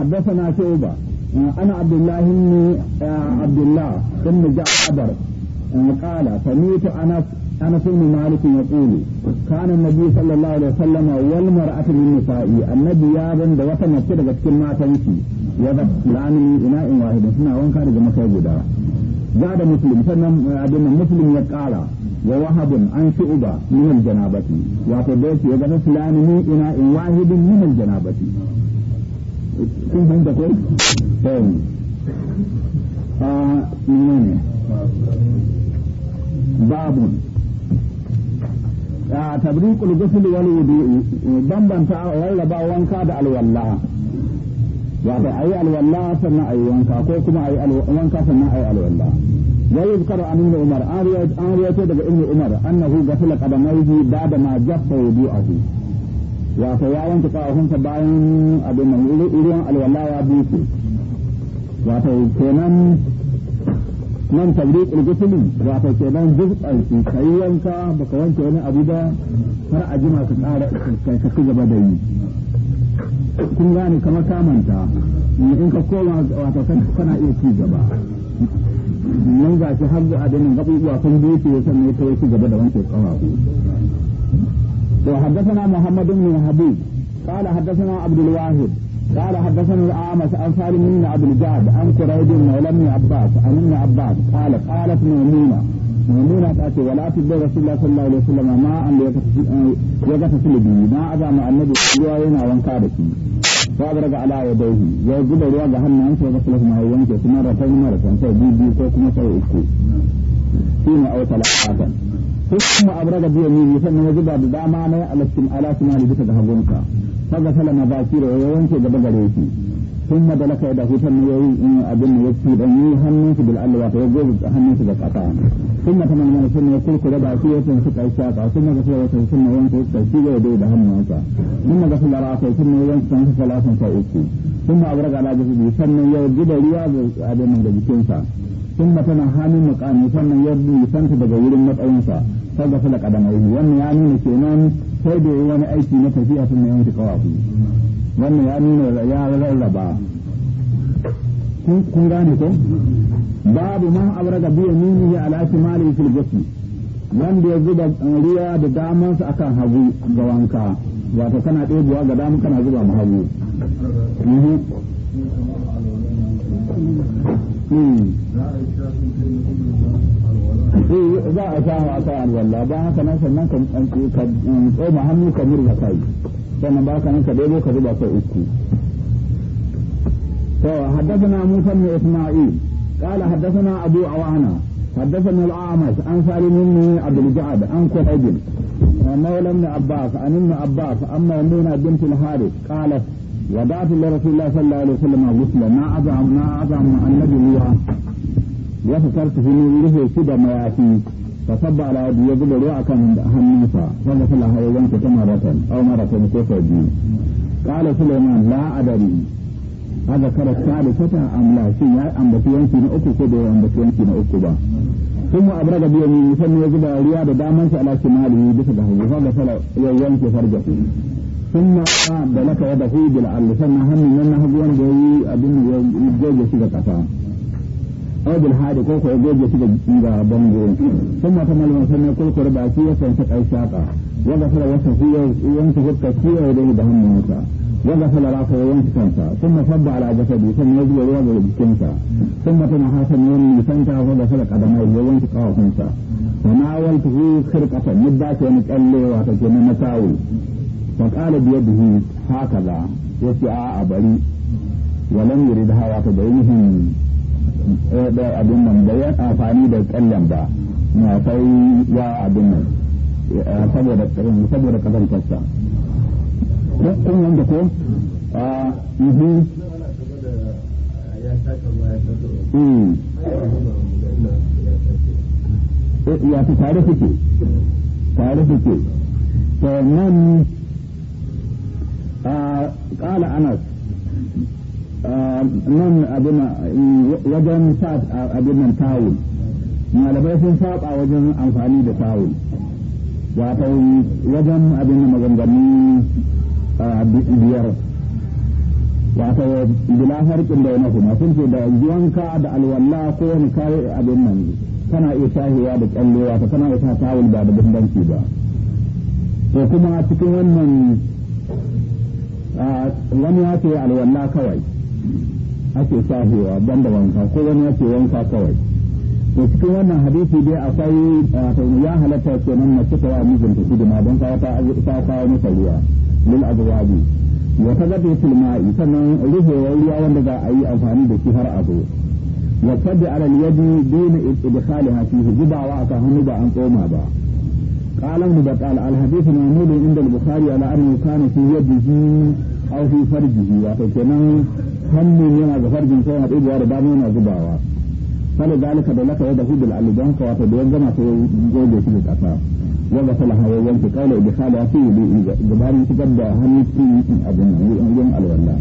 حدثنا شعبة أنا عبد الله بن عبد الله بن جعفر قال سميت أنس أنس بن مالك يقول كان النبي صلى الله عليه وسلم والمرأة للنساء النبي يا بن دوت مسجد كل ما تمشي يضب لعن من إناء واحد هنا وان كان مسجدا زاد مسلم سنة عبد مسلم يقال ووهب عن شعبة من الجنابة وفي بيت يضب لعن من إناء واحد من الجنابة kun san da kai eh a menene babu a ah, tabriqul ghusl wal wudu'i bambanta rarraba wanka da alwalla wato ayi alwalla sannan ayi wanka ko kuma ayi wanka sannan ayi alwalla ويذكر عن ابن عمر عن روايته عن روايته ابن عمر انه غسل قدميه بعد ما wato ya yanke kawafinsa bayan abin nan ruwan alwala ya buke wato kenan nan tabrik ilgutuli wato kenan duk ɗauki ka yi yanka baka wanke wani abu ba har a jima ka tsara kai ka ci gaba da yi kun gane kamar ka manta in ka koma wato kana iya ci gaba nan ga shi har abin nan gaɓuɓuwa sun buke sannan ya kai ci gaba da wanke kawafu وحدثنا محمد بن حبيب قال حدثنا عبد الواحد قال حدثنا الأعمش عن سالم بن عبد الجاد عن كريب بن علم عباس عن ابن عباس قال قالت ميمونة ميمونة تأتي ولا تبدأ رسول الله صلى الله عليه وسلم ما أن يغتسل به ما أذى مع النبي صلى الله عليه وسلم فادرك على يديه يجب الرواء جهنم أنت وغسله ما ينكس مرتين مرتين سيدي بيكوك مثل إكو فيما أو ثلاثة ثم أبرد بيمينه ثم وجب بدعما ما يألتم على شماله بك ذهبونك فغسل مذاكيره وينكي قبل ريكي ثم دلك يده ثم يوي إن أبن يكفي بني يهنس بالألوى فيجوز أهنس بالقطان ثم تمنى من ثم يقول كربع فيه ستع الشاقع ثم غسل وجهه ثم ينكي التوكيد ويدود أهنس ثم غسل رأسه ثم يوانك تنسك ثلاثا فأوكي ثم أبرد على جسده ثم يوجد رياض أبن من جسده ثم تنهى من مقامه ثم يبني سنت بغير مطعمه sai da sala wannan ya nuna kenan sai da wani aiki na tafiya sun yawan ta kawafi wannan ya nuna ya rarraba kun gane ko babu man abraga bi yaminihi ala shimali fil ghusl wanda ya zuba riya da damansa akan hagu ga wanka wato kana ɗebuwa ga dama kana zuba mu hagu mhm. hmm. za a samu a kan alwala ba haka nan sannan ka tsoma hannu ka murza kai sannan ba haka nan ka daidai ka zuba kai uku to haddathana Musa bin Isma'il qala haddathana Abu Awana حدثنا الأعمش عن سالم بن عبد الجعد عن كهيب مولى ابن عباس عن ابن عباس أما ميمونة بنت الحارث قالت ودعت لرسول الله صلى الله عليه وسلم غسلا ما أزعم ما أزعم النبي ya fitar ne rufe shi da mayafi ta sabba ala ya zuba ruwa akan hannunsa wanda sallah ya yanke ta maratan aw maratan ko sau biyu qala sulaiman la adari hada kara salisata am la ya ambaci yanki na uku ko bai ambaci yanki na uku ba ثم أبرد بيمينه ثم يجب رياض da على شماله بسبه وهذا ينكي فرجه ثم قاد لك يده بالعل ثم هم منه بيان جوي أبن يجوج سيدة aw bil hadi ko ko shi da ga bango sun ma kamal wannan sannan ko ba shi ya sanka kai shaka ya ga fara wata shi yanka hukka shi ya da da hannunsa ya ga fara rafa ya yanka kansa sun ma fadda ala jasadi sun ya zuwa ruwa ga jikinsa sun ma tana hasan yan nisan ta ko da fara kadama ya yanka kawafinsa kama wal tuhu khirqatan mudda ta ni kallewa ta ke na masawu fa qala bi yadihi hakaza yace a'a bari walam yurid hawa ta bainihim ɗaya abin nan ba yan amfani da kyallen ba na sai ya abin nan eh, saboda saboda kazantarsa kun wanda ko a ah, ihu mhm. mm. eh, ya fi tare suke tare suke to nan ƙala ah, anas nan abin wajen a abin nan tawul malamai sun saba wajen amfani da tawul wato wajen abin nan maganganu biyar wato bila harkin da yana kuma sun ce da yanka da alwalla ko wani kayi abin nan kana iya shahewa da kyalle wato kana iya sa tawul ba da bambanci ba to kuma cikin wannan wani ya ce alwalla kawai ake sahewa ban da wanka ko wani ake wanka kawai to cikin wannan hadisi dai akwai ya halatta kenan mace ta wa mijinta hidima don ta ta kawo masa ruwa lil azwaji wa tazabtul ma'i sannan ruhewar ruwa wanda za a yi amfani da shi har a zo wa sabbi ala yadi dina idkhalaha fihi zubawa aka hannu ba an tsoma ba قال ابن بطال الحديث معمول عند البخاري على انه كان في يده او في فرجه وكان fannin yana ga farjin sai yana ɗigowa da dama yana zubawa fala zalika da laka yadda hudul alidan ka wato da ya gama sai ya goge shi da kasa wanda fala hawa da kala bi khala fi bi gabarin fitar da hannu cikin abin nan yin alwala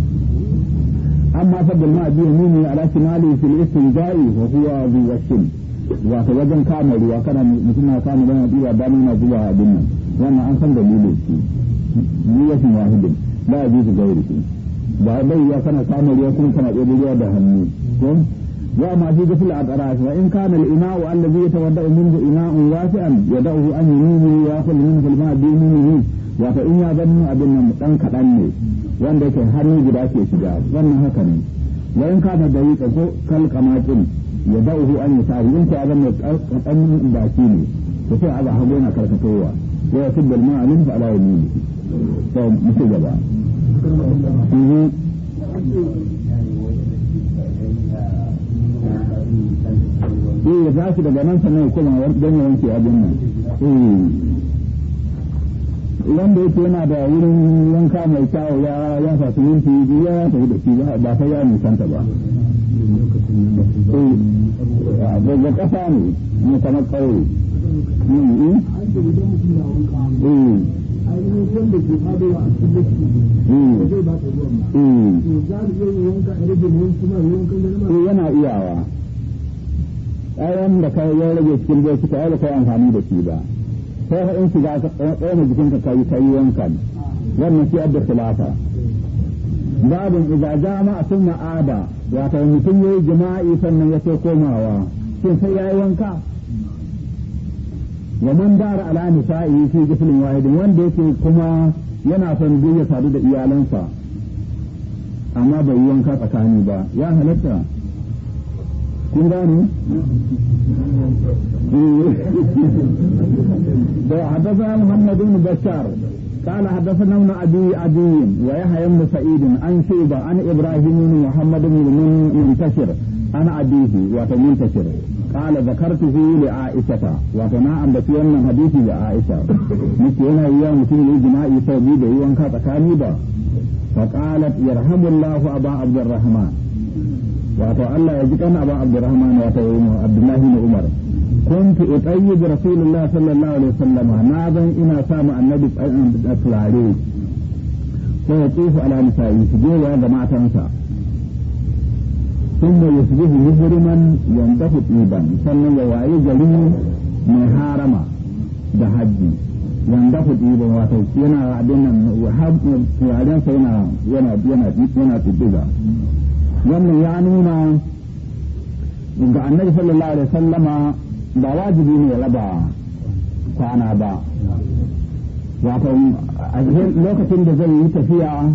amma fadal ma bi yamini ala shimali fil istinja'i wa huwa bi washin wato wajen kama ruwa kana mutum na kama ruwa ɗiba dama yana zuba abin nan wannan an san dalilin shi ni wasin wahidin ba a bi su gairi ba bai ya kana samun ruwa kuma kana ɗaya ruwa da hannu ko wa ma fi gafil a tsara wa in kana al-ina'u allazi yatawadda'u minhu ina'un wasi'an yada'uhu an yi wa ya minhu al-ma'a bi yaminihi wato in ya zannu abin nan dan kaɗan ne wanda yake hannu guda ke shiga wannan haka ne wa in kana da yi ko kal kamatin ya da'u an yi tari in ko azan kaɗan baki ne to sai a hagu yana karkatowa wa yasibbu a maa ala fa'ala yaminihi to mu gaba Mm-hmm. Eh ya daga nan sannan koma don ya wanke abin nan. Eh. Wanda yake yana da wurin wanka mai kyawu ya ya fasu yanki ya tafi da shi ba ya nisanta ba. Eh, daga ƙasa ne, kamar ƙauye. Mm-hmm. Eh. ainihin wanda ke fadowa a cikin lokaci zai ba ta ruwan ba to za iya wanka a rage kuma ganin ma yana iyawa ayan da ka ya rage cikin zai suka da kai amfani da shi ba sai ka in shiga tsayin jikinka ka yi kai wankan wannan shi da khilafa babin idza jama'a thumma ada wato mutum yayi jima'i sannan ya so komawa shin sai yayi wanka wa man dara ala nisa'i fi jislin wahidin wanda yake kuma yana son duk sadu da iyalansa amma bai yi wanka tsakani ba ya halatta kun gani eh. da haddasa muhammadu ibn Bashar قال حدثنا ابن ابي عدي ويحيى بن سعيد عن شيبه عن ابراهيم بن محمد بن منتشر عن ابيه وتمنتشر قال ذكرته لعائشه وتنا ان بتي wannan hadisi ga Aisha nake yana yiwa mutum yayi jima'i sau biyu da yi wanka tsakani ba fa qalat yarhamullahu aba abdurrahman wato Allah ya ji kan aba abdurrahman wato Abdullahi ibn Umar kuntu utayyibu rasulullah sallallahu alaihi wasallam na gan ina samu mu annabi da turare ko ya tsufu ala nisa'i su je ya ga matansa ثم يصبح مجرما ينتهي طيبا ثم يواعي جريم من هارما da hajji wanda ku ɗiba yana abin nan turarensa yana yana yana wannan ya nuna ga annabi sallallahu alaihi ba wajibi ne raba kwana ba wato lokacin da zai yi tafiya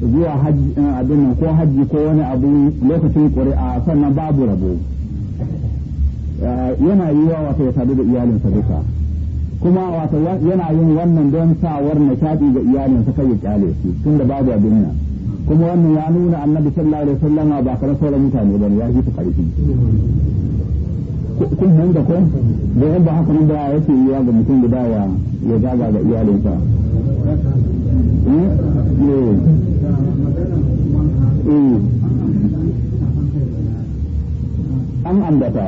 zuwa eh, abin ko hajji ko wani abu lokacin ƙuri'a sannan babu rabo eh, yana yi wa wato ya sadu da iyalinsa duka kuma wato yana yin wannan don sawar shaɗi ga iyalinsa kai ya kyale su tun da babu abin nan kuma wannan ya nuna annabi sallallahu alaihi wasallam ba kamar sauran mutane bane ya yi ta ƙarfi kun hanga ko da yadda haka nan da yake yiwa ga mutum da ya ya gaba ga iyalinsa eh. Eh. an ambata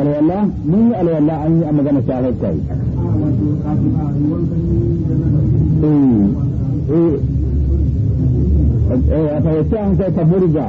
alwallah mun yi alwallah an yi a magana shahar kai eh. eh eh a fahimci an sai ta burga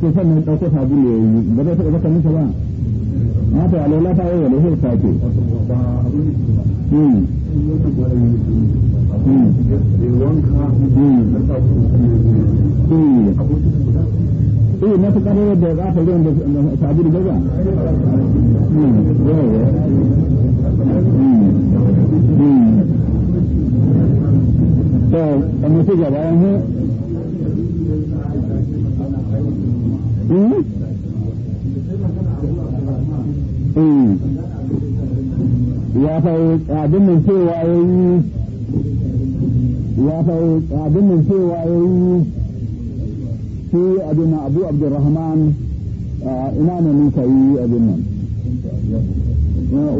sai sannan ɗauko sabulu ya yi ba zai taɓa zaka musa ba na ta alola ta yi wani sai sake eh yadda za ta da sabulu ba ba to kamar su gaba yanzu Hmm? ya fai abin nan cewa yayi ya fai abin nan cewa yayi shi abin nan Abu Abdurrahman ina ne mun kai abin nan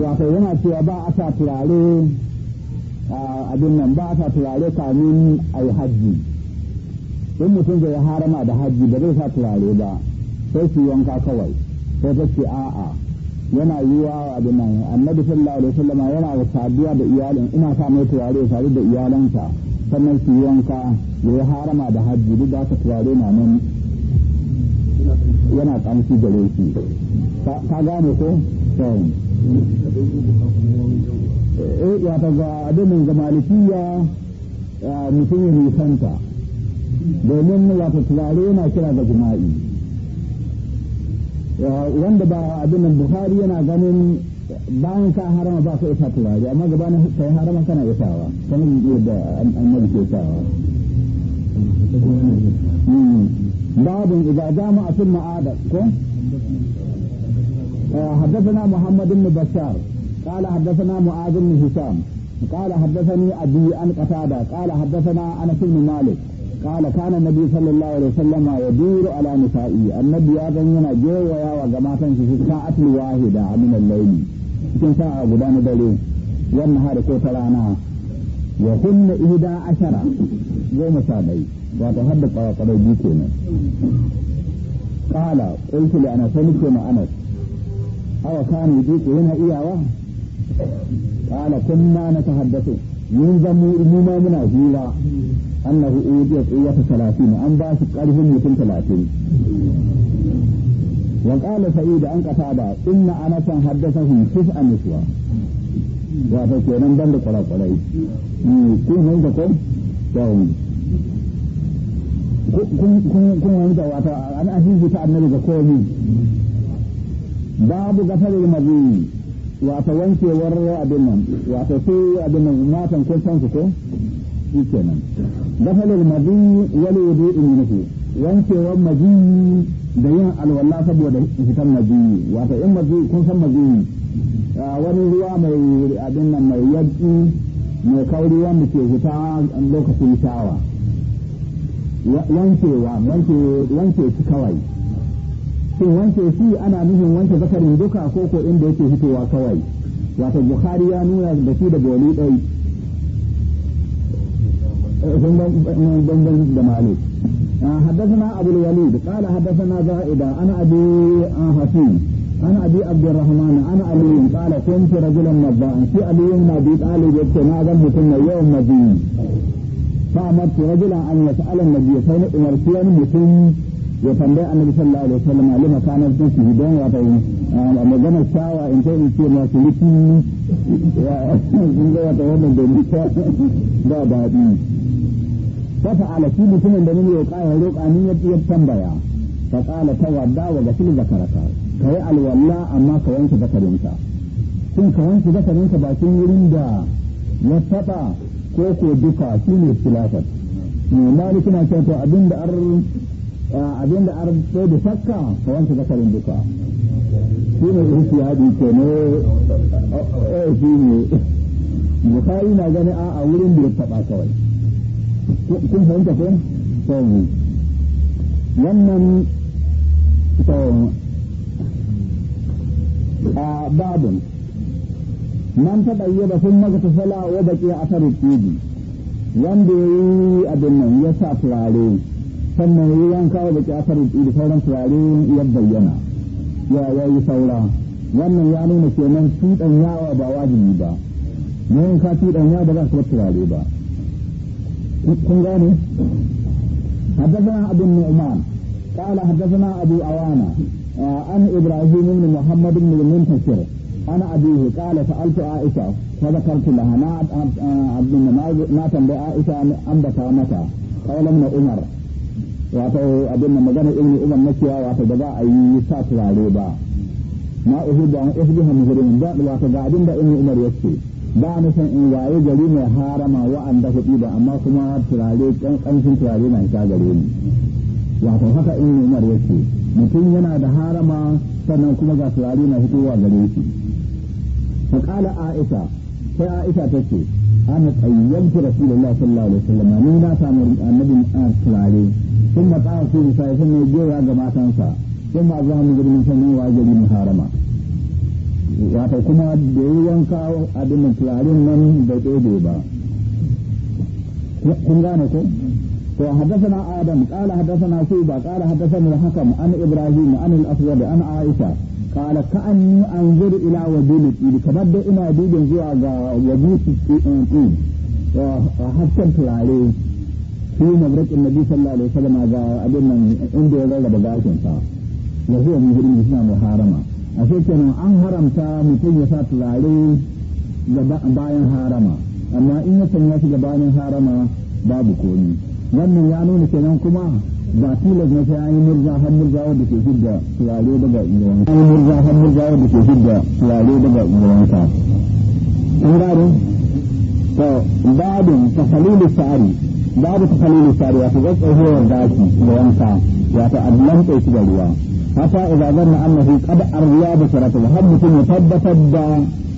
wato yana cewa ba a sa turare abin nan ba a sa turare kamin a yi hajji in mutum zai harama da hajji ba zai sa turare ba sai su yanka kawai sai ta ce a'a yana yiwa abu nan annabi sallallahu alaihi wasallama yana da saduwa da iyalin ina sa mai turare sadu da iyalansa sannan su yanka ya yi harama da hajji duk da aka turare na nan yana kamshi da laifi. ka gane ko eh ya ta ga abin ga malikiya ah, mutum ya nisanta domin ya ta turare yana kira da jima'i Eh, wanda ba abin nan buhari yana ganin bayan ka harama ba ka isa turare amma gaba ka yi harama kana isawa yi yadda annabi ke isawa hmm. babun idza a sun aada ko حدثنا محمد بن بشار قال حدثنا معاذ بن هشام قال حدثني ابي عن قتاده قال حدثنا انس بن مالك قال كان النبي صلى الله عليه وسلم يدور على نسائه النبي هذا هنا جوا وجماعة في الساعة الواحدة من الليل cikin sa'a guda na dare wannan hari ko ta rana wa kunna ihda ashara goma sha ɗai wato har da kwakwalai biyu kenan qala qultu li anas sai ma anas awa kana yudiku yana iyawa qala kunna natahaddathu muna hira annahu udiya qiyata 30 an ba karfin mutum 30 wa qala sa'id an qatada inna anasan haddathahu tis'a niswa wa fa kenan ban da kwarakwarai kun mun da ko kun kun wani da wato an ahizu ta annabi ga komi babu gafarin mazi wato nan wato sai abin nan matan kun san ko shi kenan dahalul madi wal wudu'u minhu wa madi da yin alwala saboda fitan madi wato in madi kun san madi wani ruwa mai abin nan mai yaddi mai kauri wanda ke fita lokacin shawa wankewa wanke shi kawai shin wanke shi ana nufin wanke zakarin duka ko ko inda yake fitowa kawai wato bukhari ya nuna da shi da boli ɗai حدثنا أبو الوليد قال حدثنا زائدة أنا أبي حسين أنا أبي عبد الرحمن أنا أبي قال كنت رجلا مباعا في أبي بن أبي طالب يبتنى ذنب ثم يوم مدين فأمرت رجلا أن يسأل النبي صلى الله عليه وسلم ya tambaya annabi sallallahu alaihi wasallam alima kana su su don ya ta yi magana shawa in ta yi ce ma su liki ya sun ga ta wannan da ni ta فسأل في لسنة دمين يقاه روك أن يتيب فقال توضا وغسل ذكرك كي الولاء أما كوانك ذكرينك كن كوانك ذكرينك باكين يرندا يتبع koko duka shi ne filafat mali suna cewa abinda ar abinda ar sai da shakka ka wanke zakarin duka shi ne ihtiyadi ke ne eh shi ne bukari na gani a a wurin da ya taba kawai kun fahimta ko to wannan to a babin man ta sun maka ta sala wa baki a sarar tibi wanda ya yi nan ya turare sannan ya yanka wa baki a sarar tibi sauran turare ya bayyana ya yi saura wannan ya nuna kenan tuɗan yawa ba wajibi ba yanka tuɗan yawa ba za su turare ba كن gane حدثنا أبو النعمان قال حدثنا أبو أوانا عن إبراهيم بن محمد بن المنتصر أنا أبيه قال سألت عائشة فذكرت لها ما عبد ما تنبع عائشة أنبت متى قال ابن عمر wato abin da magana ibn نسيا na cewa أي ساتر عليبا ما yi أن turare ba ma uhu da an uhu da muhrimin da wato ba na san in waye gari mai harama wa'anda kuɗi ba amma kuma turare ƙanƙancin turare na isa gare ni wato haka in umar yake mutum yana da harama sannan kuma ga turare na fitowa gare shi fa qala aisha sai aisha tace ana tsayyantu rasulullahi sallallahu alaihi wasallam ni na samu annabi turare sun ba a su sai sun ne gowa ga matansa sun ma zuwa mu gurin sanin waje gari harama wata kuma da yi wanka abin da turarin nan bai ɗebe ba kun gane ko to na adam qala na ba qala haddasa na hakam an ibrahim an al-aswad an aisha qala an anzuru ila wajhi kamar da ina dubin zuwa ga wajhi tin hakkan turare shi mabrakin nabi sallallahu alaihi wasallam ga abin nan inda ya rarraba gashin sa yahuwa muhrim suna muharama a shekarun an haramta mutum ya sa turare bayan harama amma in ya sanya shi bayan harama babu komi wannan ya nuna kenan kuma ba tilas na sai an yi murza har murza wanda ke fidda turare daga ruwan an yi murza har murza wanda ke fidda turare daga ruwan ka an gado to babin tafalilu sari babu tafalilu sari wato ga daki da wanka wato a lantsa shi da ruwa حتى إذا ظن أنه قد أرضيا بشرته da يكون يثبت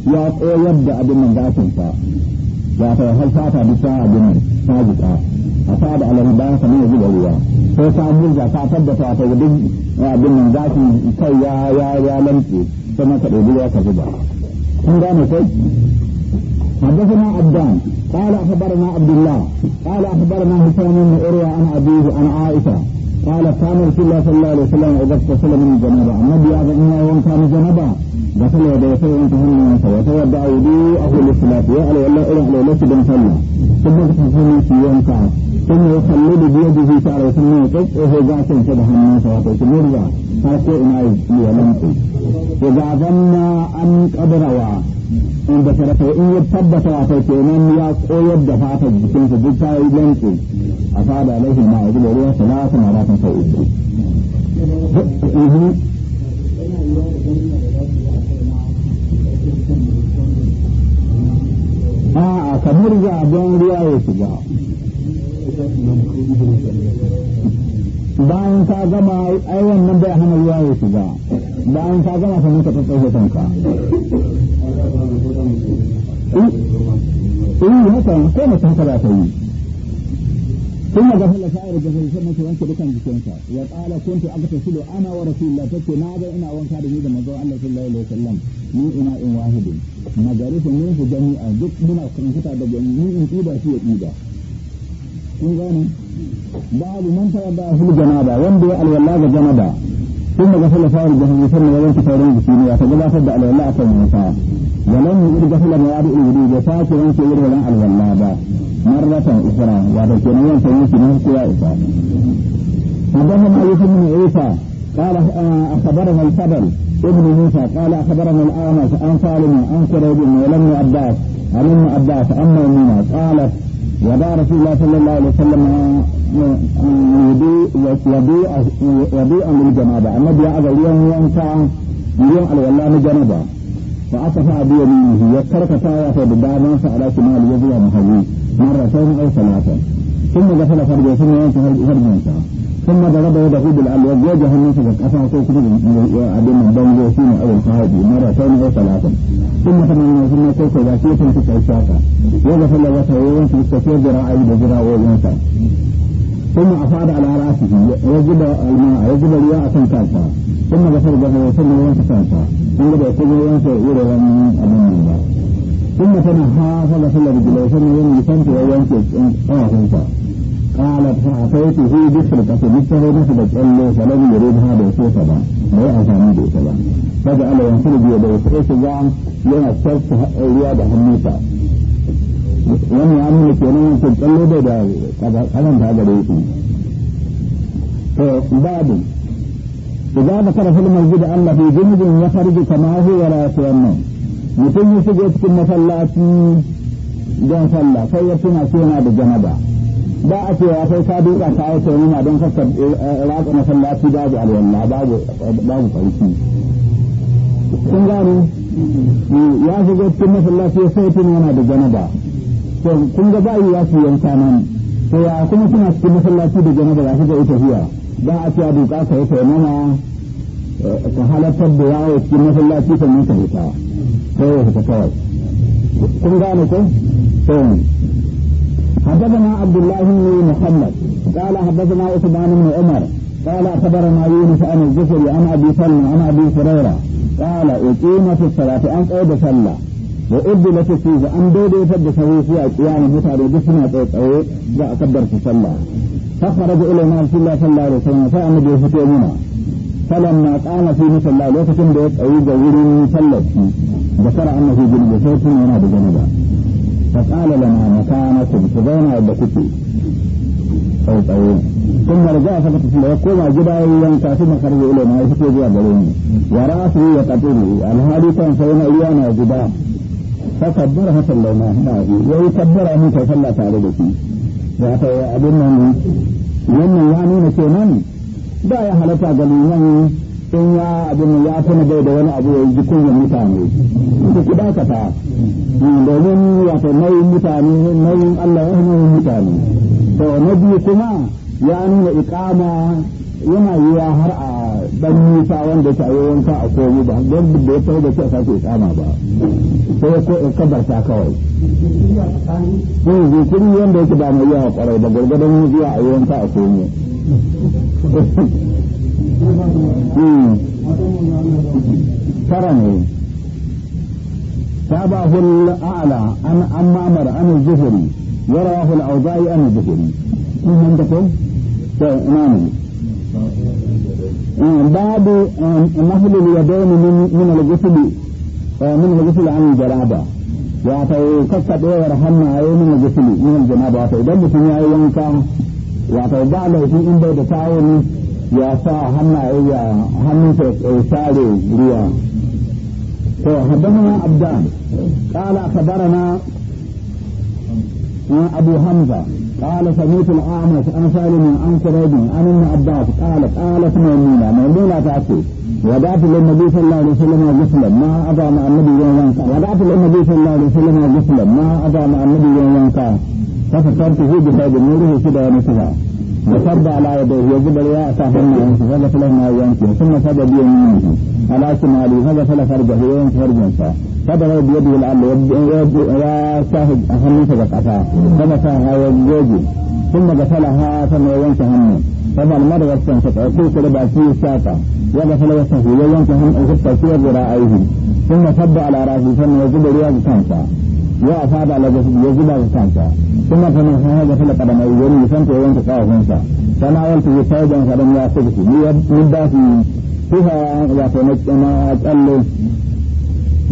يا يبدأ بمن ya wato har fata bi ta abin sajika a fada alamu bayan kamar yanzu da ruwa ko ta burza ta tabbata wato gudun abin nan zafin kai ya ya ya kuma ka ɗauki ka zuba kun gane kai حدثنا عبدان قال اخبرنا عبد الله قال اخبرنا هشام بن عن ابيه عن عائشه قال كان رسول الله صلى الله عليه وسلم إذا اغتسل من الجنابة النبي هذا إنه يوم كان جنابة غسل يديه وانتهى من المسوى وتودع يديه للصلاة وعلى والله إلى على ليس بن صلى ثم اغتسل في يوم كان ثم يصلي بيده تعالى وسلم يقف وهو جالس ينتبه الناس ويقول يرجع فاتوا إن عيد ولمتي إذا ظن أن قد روى إن ذكرته إن يثبت واتيت إمام يا قوي الدفاع تجسم تجسم تجسم أصاب عليه الماء يجب عليه ثلاث مرات سوء a'a kamar ya don ruwa ya shiga bayan ka gama ai wannan bai hana ruwa ya shiga bayan ka gama sannan ka tsaye kanka in haka ko mutum ka za ta yi ثم غفل شعر الجفل ثم توانك بكم جسنك وقال كنت أغتسل أنا ورسول الله تكي ناظر إنا وانك هذا جيدا مزوع الله صلى الله عليه وسلم من إناء واحد مجالس منه جميعا جك من أخرنكتا بجميع من إيدا في إيدا kun gane babu man tawadda ahul janaba wanda ya alwala ga janaba ثم غسل سائر الجسد ثم وضوء سائر الجسد وتجلى فد على ولا أكل النساء ولم يرد غسل موارئ الوجود وفاك وانت يرد ولا على الولابة مرة أخرى وهذا كان يوم سيوم سنه كوائفة حدثنا عيسى بن عيسى قال أخبرنا الفضل ابن موسى قال أخبرنا الآمش عن سالم عن كريب ولم عباس عن ابن عباس عن ميمونة قالت ودعا رسول الله صلى الله عليه وسلم يبيع للجنابة النبي أعظى اليوم ينفع اليوم على الله والله الجنابة فأطفع بيمينه يترك طاية بالدعوة فعلى شمال يبيع مهوي مرتين أو ثلاثة ثم دخل فرجه ثم ينتهى الفرج ثم ضرب يده بالعلو وجه الناس بالقفا وكيف أبين الدنجو فيما أو الفهدي مرتين أو ثلاثا ثم تمنى ثم كيف ذاكية في كيشاكا وقف الله وسعيون في السفير ذراعي بذراع وينسى ثم أصعد على رأسه يجب الماء يجب الياء تنكالفا ثم غسل جهه ثم ينسى كالفا ثم يقول ينسى إلى ومن أبن الله ثم تنهى فغسل رجليه ثم ينسى وينسى آه قالت فأعطيته بسرقة مجتهدة فتجعله فلم يريدها بيسوسة بقى بيع أسامي بيسوسة فجعل ينفرد يديه فيسوسة يوم السبت رياضة حميسة wani ya nuna kenan yankin tsalle bai da karanta da إذا ذكر في المسجد أن في جند يخرج كما هو ولا يتيمم mutum yi shiga cikin masallaci don sallah sai ya ba a cewa sai ta duka ta yi nuna don kasa eh, eh, ratsa masallaci babu alwallah babu farki eh, kun gano ya shiga cikin masallaci sai tun yana da janaba to kun ga ba ya fi yanka nan to ya kuma suna cikin masallaci da janaba za su ita hiya ba a cewa duka ka yi nuna ka halartar da yawo cikin masallaci sannan ka fita sai ya fita kawai kun gane ko to حدثنا عبد الله بن محمد قال حدثنا عثمان بن عمر قال اخبرنا يونس عن الزفر عن ابي سلم عن ابي هريره قال اقيمت الصلاه ان قيد صلى وأبدلت السيفة أن دودي فد سوي فيها قيام متعب جسمها تقوي جاء قدر في صلى فخرج إلينا رسول الله صلى الله عليه وسلم فأمد يفتي منا فلما قام فيه صلى الله عليه وسلم بيت أوي جوري صلت ذكر أنه جنب سيف ونادى جنبه فقال لنا مكانكم تبين عند كتي أو طويل ثم رجع فقط ويقوم جدا ينكا ثم خرج إليه ما يفكي جدا بلوني ورأسه يقتله الهادي كان فإن إيانا جدا فكبرها صلى الله عليه ويكبرها من تصلى تعرضتي ذات أبنى من يمن يعني نسينا دا يا قليلا in ya abin ya tana bai da wani abu ya yi kunyar mutane su ku dakata hmm, domin ta nauyin mutane nauyin Allah ya nauyin mutane to na biyu kuma ya nuna ikama yana yiwa har a dan nisa wanda ta yi wanka a komi ba don da ya fara da shi a sake ikama ba sai ko in kabar ta kawai hmm, ne zikiri wanda yake ba mai yawa kwarai da gwargwadon zuwa a yi wanka a komi Hmm. tara ne tabahu al-a'la an ammar an al-zuhri ورواه الأوزاعي عن الزهري من عندكم؟ نعم باب نهل اليدين من من الغسل من الغسل عن الجنابة wato kakkaɗewar hannaye da gusuli min aljana ba wato idan mutum ya yi wanka wato ba laifin in bai da tawuni يا sa hannaye ya hannunsa ya share ruwa to haddana abdan qala akhbarana أبو حمزة قال سميت الأعمش عن سالم عن كريب عن ابن عباس قال قالت ميمونة ميمونة تأتي وضعت للنبي صلى الله عليه وسلم غسلا ما أضع مع النبي يوم وضعت للنبي صلى الله عليه وسلم غسلا ما أضع مع النبي يوم ينقى فسترته بسبب نوره كده ونسها وصب على يديه يجب الرياء فهم غلف له ما ينكر ثم صب بيمينه على شماله غلف له فرجه وينكر فرجه فضرب بيده العل وشاهد فقط فقطعها فمسها وجوجي ثم غسلها ثم ينكر همه فما المرء والشمس عقوق ربع فيه الساقة وغسل وجهه وينكر هم الغبطة في ذراعيه ثم صب على راسه ثم يجب الياء خمسة ya fada lagos ya zuba da kansa kuma fa man hawa da fala kada mai yuri san to yanka kawun sa sana wanta ya sai dan sadan ya sai ki ya da su kuma ya fa na kana kallo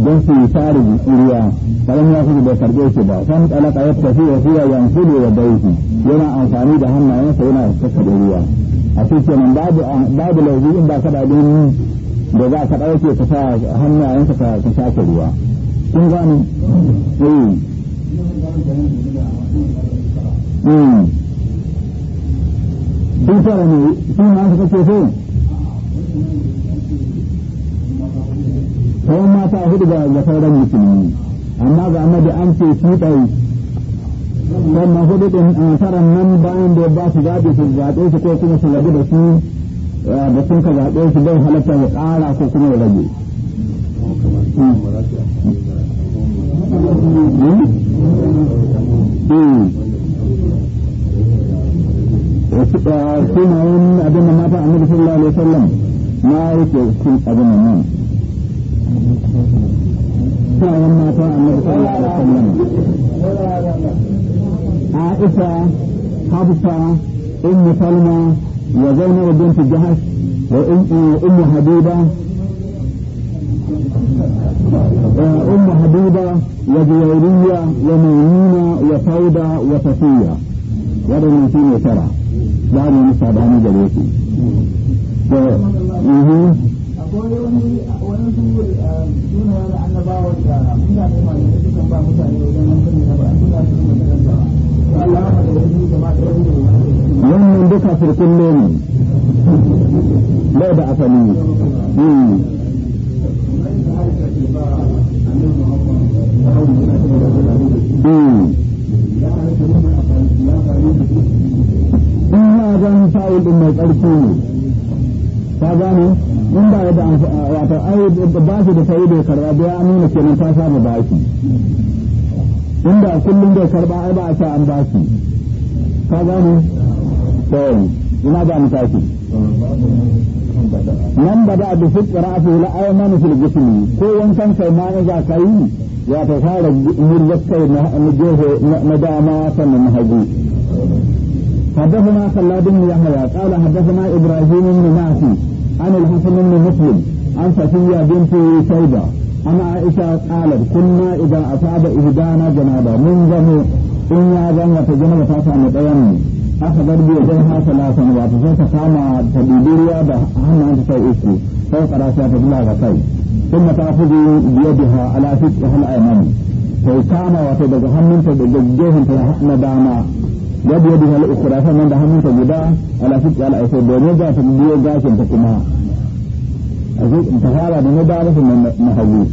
dan su da juriya sadan ya kuma da karbe shi ba san kala ka yatta fi wa fiya yanfudu wa baiti yana amfani da hannayensa yana da ruwa a cikin nan babu babu lauzi in ba ka da da za ka dauke ka sa hannayensa ka ta ruwa kun gane sun eh. hmm. fara ne sun ma suka ce so kawai mata hudu ga ga sauran musulmi amma ga amadi an ce shi ɗai wannan hudu ɗin taran nan bayan da ba su zaɓe su zaɓe su ko kuma su rabu da su da sun ka zaɓe su don halatta ya ƙara ko kuma ya rage. Hmm. suna yin abin da mata annabi sallallahu alaihi wasallam na yake cin abin nan suna yin mata annabi sallallahu alaihi wasallam Aisha Hafsa Ummu ya wa Zainab bint Jahash wa Ummu Habiba أم حبيبة وجيورية وميمونة وفودة وفتية هذا من فيني ترى بعد من السعباني جليسي ف... أبو يومي ونزل دون أن نباوت من أن يكون بعض مساعدة ومن أن يكون بعض مساعدة ومن أن يكون بعض مساعدة ومن أن يكون بعض مساعدة ومن أن يكون بعض مساعدة ومن أن يكون بعض مساعدة ومن أن يكون بعض مساعدة in ya gani fa'il din mai ƙarfi ne ta gane in ba da wata ai ba shi da sai da karba da ya nuna kenan ta saba ba shi in ba kullum da karba ai ba a sa an ba shi ta gane to ina ba mu nan ba da bi fi qira'atu la aymanu fil jismi ko wankan sai ma za ka yi ya ta fara murya kai na gefe na حدثنا خلاد بن يحيى قال حدثنا ابراهيم بن ماسي عن الحسن بن مسلم عن صفيه بنت شيبه عن عائشه قالت كنا اذا اصاب اهدانا جنابه من ذنب ان يا ذنب فجنب فاتح مطيم اخذت بيديها ثلاثا وتزوج فقام تبيبيريا بها عن انت سيئتي فوق راسها تبلغ خير ثم تأخذ بيدها على فتحها الأيمن فكان وتدق همنت بجوهن فيحقن داما وبيدها الأخرى فمن همنت بدا على فتحها الأيسر بيجا فبيجا جاشن تكما فهذا من مدارس من مهوي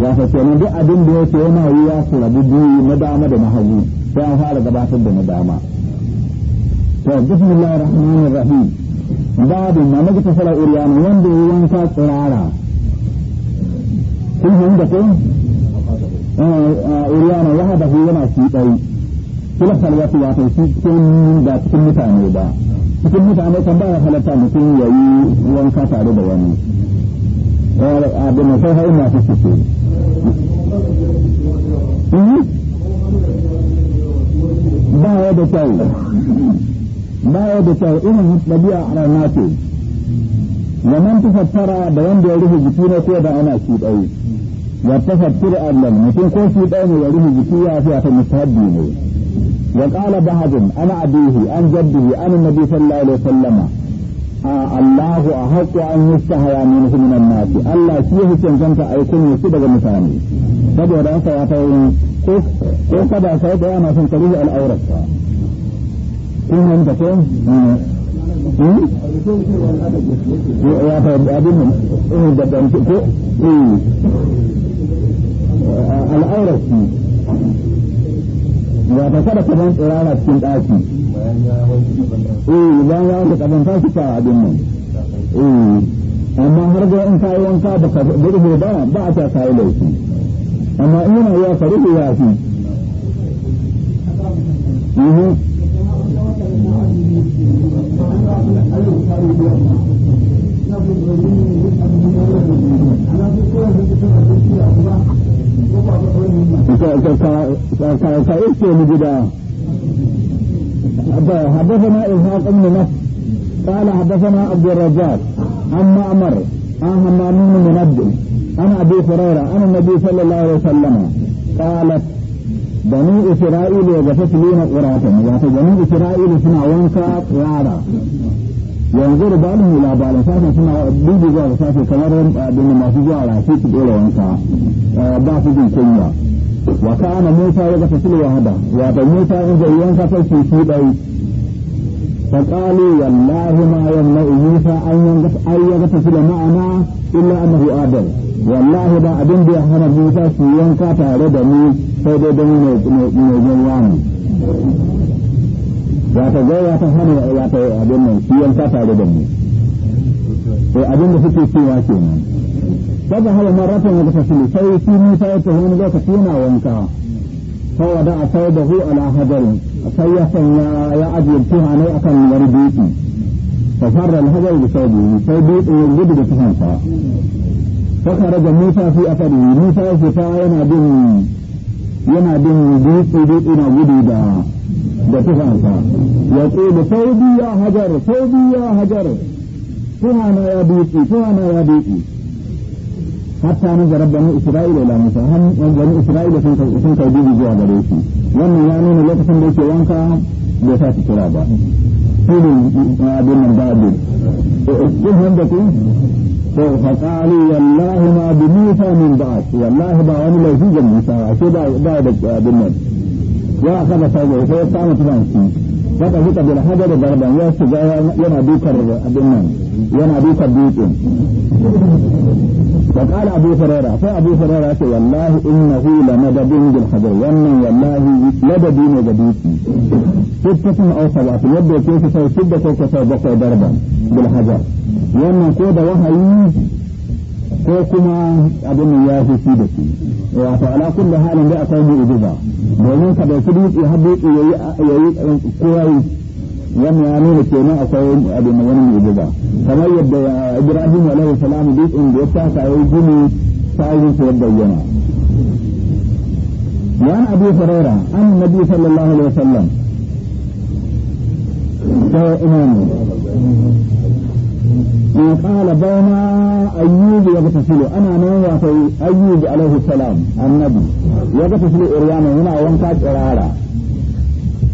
wato kenan duk abin da yake yana yi ya su rabu biyu na dama da na hagu sai an fara gabatar da na dama to bismillahir rahmanir rahim babu ma nagita sala uriyani wanda yi wanka tsirara kun hin da kun uriyana eh, eh, wahada hu yana shi dai kila salwatu ya ta shi cikin da cikin mutane ba cikin mutane kan ba ya halatta mutum ya yi wanka tare da wani eh, abin da sai hain masu suke mhm. ba ya da kyau ba ya da kyau irin ɗabi'a a rana ce wannan tufattara da wanda ya rufe jiki na ko da ana shi ɗaya wa tafattur allal mutum ko shi dai ne ya ruhu jiki ya fi ta mustahabbi ne wa qala ba'dhum ana abihi an jaddihi an annabi sallallahu alaihi wasallam Allahu ahqqu an yastahya minhu min an-nas Allah shi yake cancanta a yakun daga mutane saboda haka ya ta ko ko kada sai da ana son tarihi ta ko hmm? Hmm? al'aurarki ta kada ta ban tsirara cikin ɗaki eh bayan ya wanke kaban ta abin nan eh, amma har ga in kayi wanka ba ka rufe ba ba a ta kayi laifi amma in yana yawa ka rufe ya fi mhm. كإيش موجودة حدثنا إسحاق بن نصر قال حدثنا عبد الرزاق عن معمر عن همام بن منبه عن أبي هريرة عن النبي صلى الله عليه وسلم قالت بني إسرائيل وقفت لنا قراتهم يعني بني إسرائيل سمع وانكا وعرا ينظر بعضهم إلى بعض ساسا سمع بيجي جوا ساسا كمرهم بين ما في جوا على شيء تقول وانكا باسجين كنيا wa kana Musa ya zaka sulwa hada wa da Musa in zai yanka sai shi shi dai fa qalu wallahi ma yamna Musa an yanka ay ya zaka sulwa ma'ana illa annahu adam wallahi ba abin da ya hana Musa shi yanka tare da mu sai dai dan ne ne ne yamu ya ta ga ya ta hana ya ta abin nan shi yanka tare da mu sai abin da suke cewa kenan فذهب مرة يغتسل سي في موسى يتهون ذاك فينا وانكا فوضع ثوبه على هدر سيسن يا أجل تهاني أكل وربيتي ففر الهدر بثوبه ثوبه يجد بتهانسا فخرج موسى في أثره موسى يفتى ينا بن ينا بن بيتي بيتي نغدي دا da tufansa ya ce da saudi ya hajar saudi ya hajar tuhana ya duki tuhana ya duki hatta nazarar bani isra'ila ila musa har bani isra'ila sun kai sun kai bibi zuwa gare shi wannan ya nuna lokacin da yake wanka bai sa sutura ba shi abin nan ba abin kun handa ku to fa qalu wallahi ma bi musa min ba'd wallahi ba wani laifi ga musa ashe ba ba da abin nan ya kada sai ya kama tunan shi haka suka bil hadar da garban ya shiga yana dukar abin nan ينا أبو صديق فقال أبو فريرة فأبو فريرة قال والله إنه لمدد من الخضر وأن والله لدد من جديد ستة أو سبعة يبدا كيف سوى ستة أو سبعة ضربا بالحجر وأن كود وهي كوكما أبن الله سيدتي وفعلا كل حال لا أقوم إذبا بولين كبير سبيل يهبط يهبط wannan ya nuna kenan أبي abu mai wani mu'jiza إبراهيم عليه السلام بيت إن بيتا da ya taka yayi gini وعن ابي فريرة عن النبي صلى الله عليه وسلم قال بين أيوب يغتسل أنا نوى في أيوب عليه السلام النبي يغتسل إريانا هنا وانتاج إرارة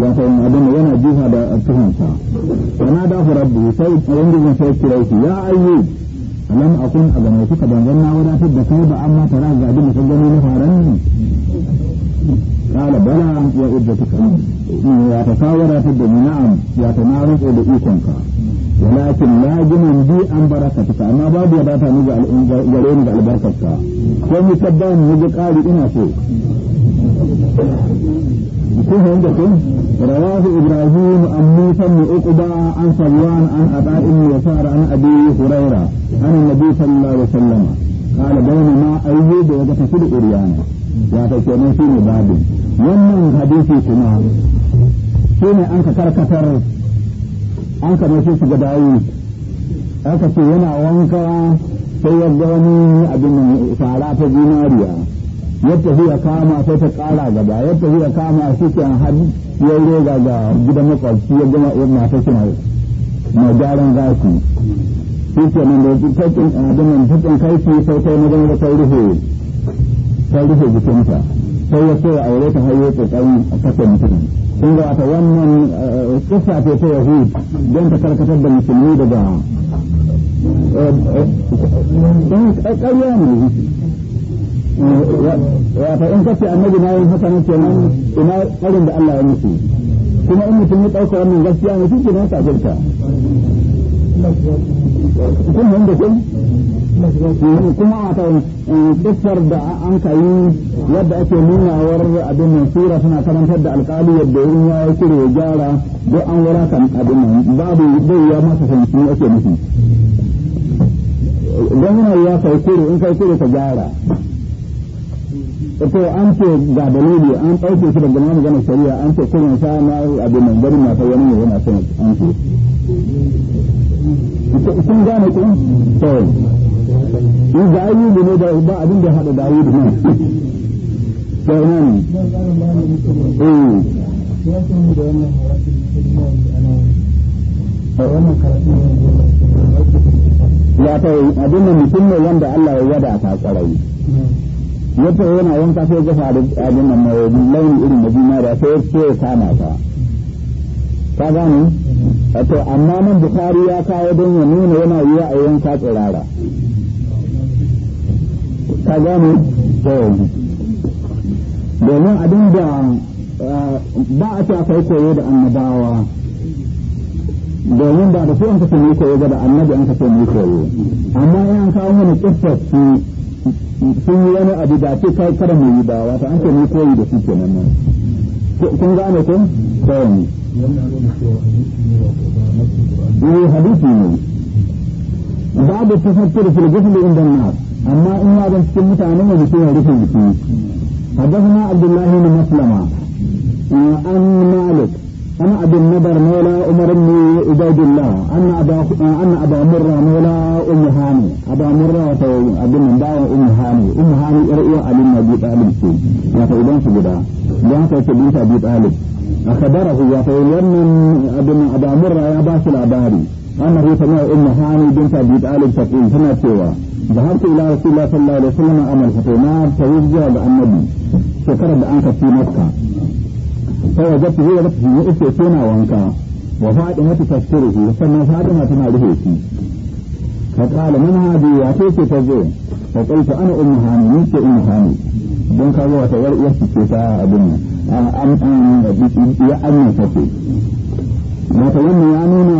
wato abin yana jiha da tuhansa wana da ku rabbi sai ubangijin sai kira shi ya ayyu lam akun a gane suka ban zanna wadatar da kai ba amma tara ga abin da gani na faran ne kala bala ya iddatuka ya ta kawara ta da na'am ya ta na rutsa da ikonka walakin la jinan bi an barakatika amma babu ya bata ni ga al'umma gare ni da albarkarka ko mu tabbani ni ga kari ina so sun hanga sun rawahu ibrahim an musa mu ba an salwan an aba in ya fara an abi huraira an nabi sallallahu alaihi wasallam kana bayani ma ayyu da ga tafi da uriyana ya ta kenan shine babu wannan hadisi kuma shine an ka karkatar an ka mace su ga dai an ka ce yana wanka sai ya gani abin nan fara ta zinariya yadda ya kama sai ta kara gaba yadda ya kama shi ke har ya roga ga gidan makwabci ya gama yin mata shi na gyaran zaki shi ke nan da ya kai su sai kai na gama da kai rufe kai rufe jikinta sai ya ce aure ta hayo kokarin a kasar mutum kun ga wata wannan kisa ce ta yahud don ta karkatar da musulmi daga ɗan ƙarya ne wato in kace annabi na yin haka nake nan ina karin da Allah ya musu kuma in mutum ya dauka wannan gaskiya ne kike nan kafirta kun mun da kun kuma a ta eh, dukkan da an kayi yadda ake nunawar abin nan sura suna karantar da alƙali yadda yin ya yi kire ya gyara duk an wara kan abin nan babu bai ya masa sanci ake nufi don yana ya kai kure in kai kure ka gyara to an ce ga dalili an ɗauke shi daga ma magana shari'a an ce kun sa na abu mai gari na ta wani yana son an ce kun gane ku to in ga ayyubu ne da ba abin da hada da da ne to nan eh ya ta abin da mutum ne wanda Allah ya wada ta kwarai yadda yana yanka sai gafa abin nan mai launin irin na zinariya sai ce ya kama ta ka gane to amma nan bukari ya kawo don ya nuna yana yi a yanka tsirara ka gane to domin abin da eh, ba a ce akwai koyo da annabawa domin ba da su an kace ne koyo ba da annabi an kace ne koyo amma in kawo mana kissar sun yi wani abu da ce kai kada mu yi ba wato an ce mu koyi da su kenan nan kun gane ko kowanne eh hadisi ne babu tafakkur fil ghusl inda nas amma in ya dan cikin mutanen da suke rufe jiki حدثنا abdullahi الله maslama مسلمة عن مالك أن أبي النضر مولى عمر بن عبيد الله أن أبا أن أبا مرة مولى أم هاني أبا مرة أبي من دعوة أم هاني أم هاني إرئي علي بن أبي طالب سي يا فإذا سجدا يا فإذا أبي طالب أخبره يا فإذا من أبا مرة يا باس الأباري أنه سمع أم هاني بنت أبي طالب تقول سمع سوى ذهبت إلى رسول الله صلى الله عليه وسلم أمر فتوما توجه بأن النبي شكرا بأنك في مكة fa wajatu huwa lafi ya ife tana wanka wa fadima ta taskiruhu sannan fadima tana rufe shi fa qala man hadi ya ce ce ta zo fa qultu ana ummu hani ni ce ummu hani don ka zo wata yar uwar ce ta abin an an ya an ta ce wata wannan ya nuna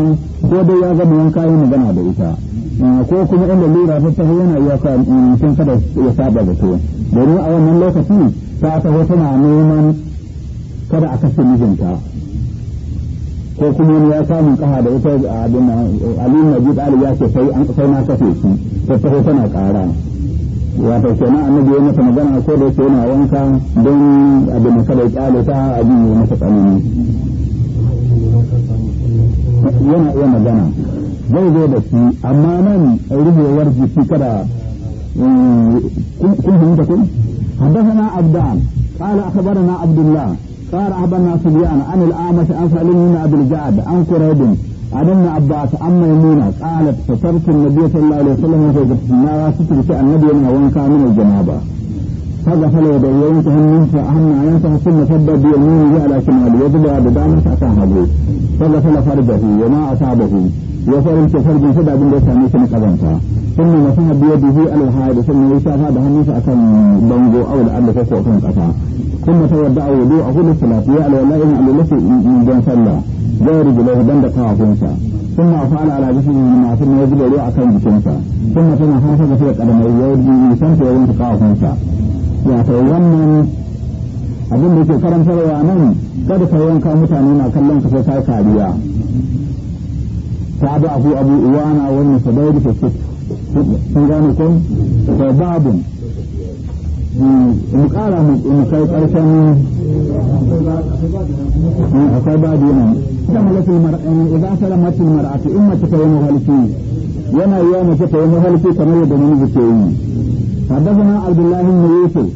ko dai ya zama wanka yin magana da ita mm, ko kuma inda lura ta taho yana iya sa mutum kada ya saba da to domin a wannan lokaci ta taho tana neman kada a kashe mijinta ko kuma wani ya samu kaha da wata abin nan alim najib ali ya ce sai an sai na kashe shi ta taho tana ƙara wato na annabi yana masa magana ko da yake yana wanka don abin da kada ya kyale ta abin ya masa tsanani yana iya magana zai zo da shi amma nan rubewar jiki kada um, kun fahimta kun حدثنا عبدان قال أخبرنا عبد الله قال أبا سبيان عن الآمش عن سألين من أبي الجعد عن قريب عن ابن عباس عن ميمونة قالت سترت النبي صلى الله عليه وسلم في قصة جسمنا وسترت النبي من وان كان من الجنابة فغسل يديه وانتهى من فأهم عينته ثم صب بيمينه على شماله وضبع بدانه أتاه فغسل فرجه وما أصابه ya fara ce farji da abin da ya sami shi na kazanta kuma na sanar biyar da zai da sannan ya shafa da hannunsa akan bango awal da ta kwakwan kasa kuma ta yadda biyu a hudu salatu ya alwala irin alwalasa don sallah zai rigula don da kawafinsa sun na fara ala jisun yi masu na a da ruwa kan jikinsa na tana hafa da fiye karamar yau da yi sanfa yawon ta kawafinsa wannan abin da ke karantarwa nan kada ka yanka mutane na kallon ka kariya تابعه أبو ايوانا وابن سبايد في الست سنغانكم فبعض مقالة مخيط أرشان أخي بعد يوم جملت المرأة إذا سلمت المرأة إما تكون هلكي ينا يوم تكون هلكي كما يدنون بكيين حدثنا عبد الله بن يوسف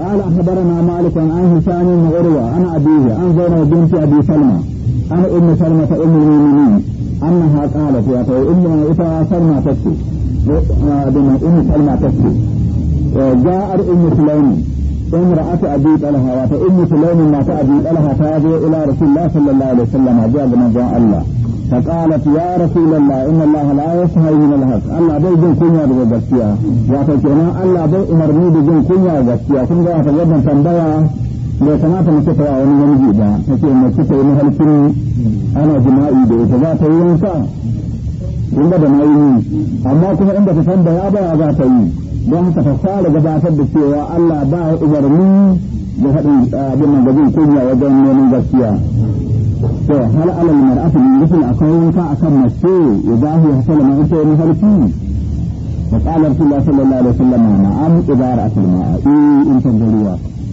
قال أخبرنا مالك عن هشام بن عروة أنا أبيه عن زينب بنت أبي سلمة أنا أم سلمة أم المؤمنين أنها قالت يا أخي إنها إذا سلمى تبكي بما إن سلمى تبكي جاء أم سليم امرأة أبي طلحة وأم سليم ما أبي طلحة تابع إلى رسول الله صلى الله عليه وسلم جاء بما جاء الله فقالت يا رسول الله إن الله لا يسهل من الحق الله بي جن كنيا بغسيا وأتكنا الله بي أمرني بجن كنيا بغسيا كنت أتجدن تنبيا bai kamata mace ta wani namiji ba ta ce mace ta yi mahalkin ana jima'i da ita za ta yi wanka in da na yi amma kuma inda ta san da ya ba za ta yi don ka ta fara gabatar da cewa Allah ba ya umarni da haɗin abin nan da zai kunya wajen neman gaskiya to hal alal mar'atu min mithl akwai wanka akan mace idan ya hasala ma ta yi mahalki فقال رسول الله صلى الله عليه وسلم نعم إذا رأت الماء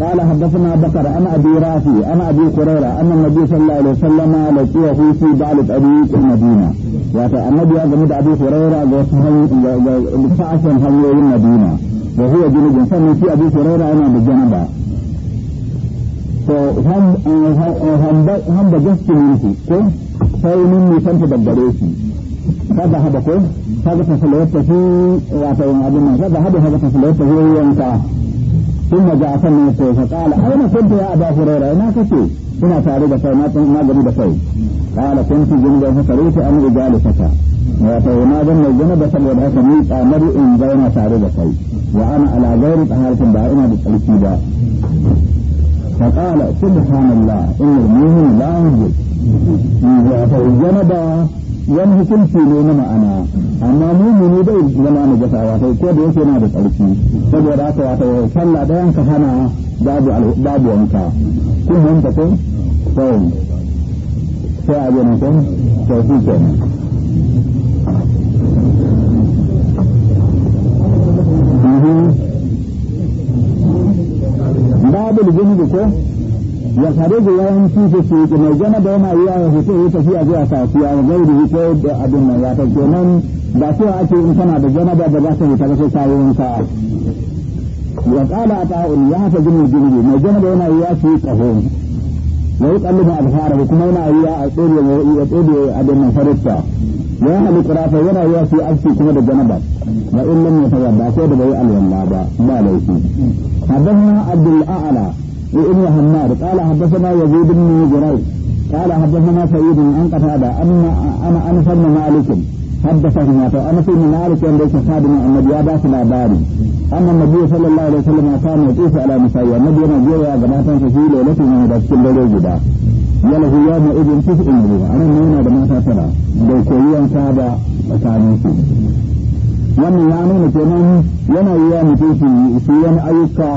قال حدثنا بكر انا ابي رافي انا ابي قريرة ان النبي صلى الله عليه وسلم لقيه في بعض طريق المدينه واتى النبي يعتمد ابي هريره لفعشا هوي المدينه وهو جنوب فمن في ابي قريرة انا بجنبه فهم هم هم بجست منه كيف sai mun nisanta daddare shi kada haɗa ko kaga fasalawar tafi wato abin nan kada haɗa kaga fasalawar tafi ثم جاء سمي فقال أين كنت يا أبا هريرة ما كنت هنا تعرض فيه ما قريب فيه قال كنت جنبا فقريت أن أجالسك وما ظن الجنب فليبعث ميت مرء بين تعرض فيه وأنا على غير طهارة دائمة بالتركيبة فقال سبحان الله إن المؤمن لا ينجز فالجنب yan hukunci ne na ma'ana amma mumini bai zama na gasa wato ko da yake na da tsarki saboda haka wato sallah da yanka hana babu babu wanka kun hanta ko sai sai a gina tafi sai su kenan mhm. babu ko ya fare da yawan kife ce mai gana da yana yiwa ya fito ya tafiya zuwa kasuwa ya gauri ko da abin nan ya tafi nan ba cewa ake in kana da gana da ba za ka fita ba sai kayi wanka ya kala a ta'ul ya haka jini jirgi mai gana da yana yiwa ce kaho ya yi kallon alfara kuma yana yiwa a tsere abin nan farista ya hali kurafa yana yiwa ce aski kuma da gana ba ba in nan ya tawadda ko da bai alwala ba ba laifi. Hadan Abdul A'ala وابن همار قال حدثنا يزيد بن جريج قال حدثنا سعيد عن قتادة أن أنا أنس بن مالك حدثهما فأنس بن مالك أن ليس خادم أن نبي أبا سلابان أن النبي صلى الله عليه وسلم كان يطوف على نسائه النبي نجيه يا جماعة في ليلة من هذا رسول الله يله يوم إذن تسع أنا نونا جماعة ترى لو كل يوم كاد wannan ya nuna kenan yana yi wa mutum su su wani ayyuka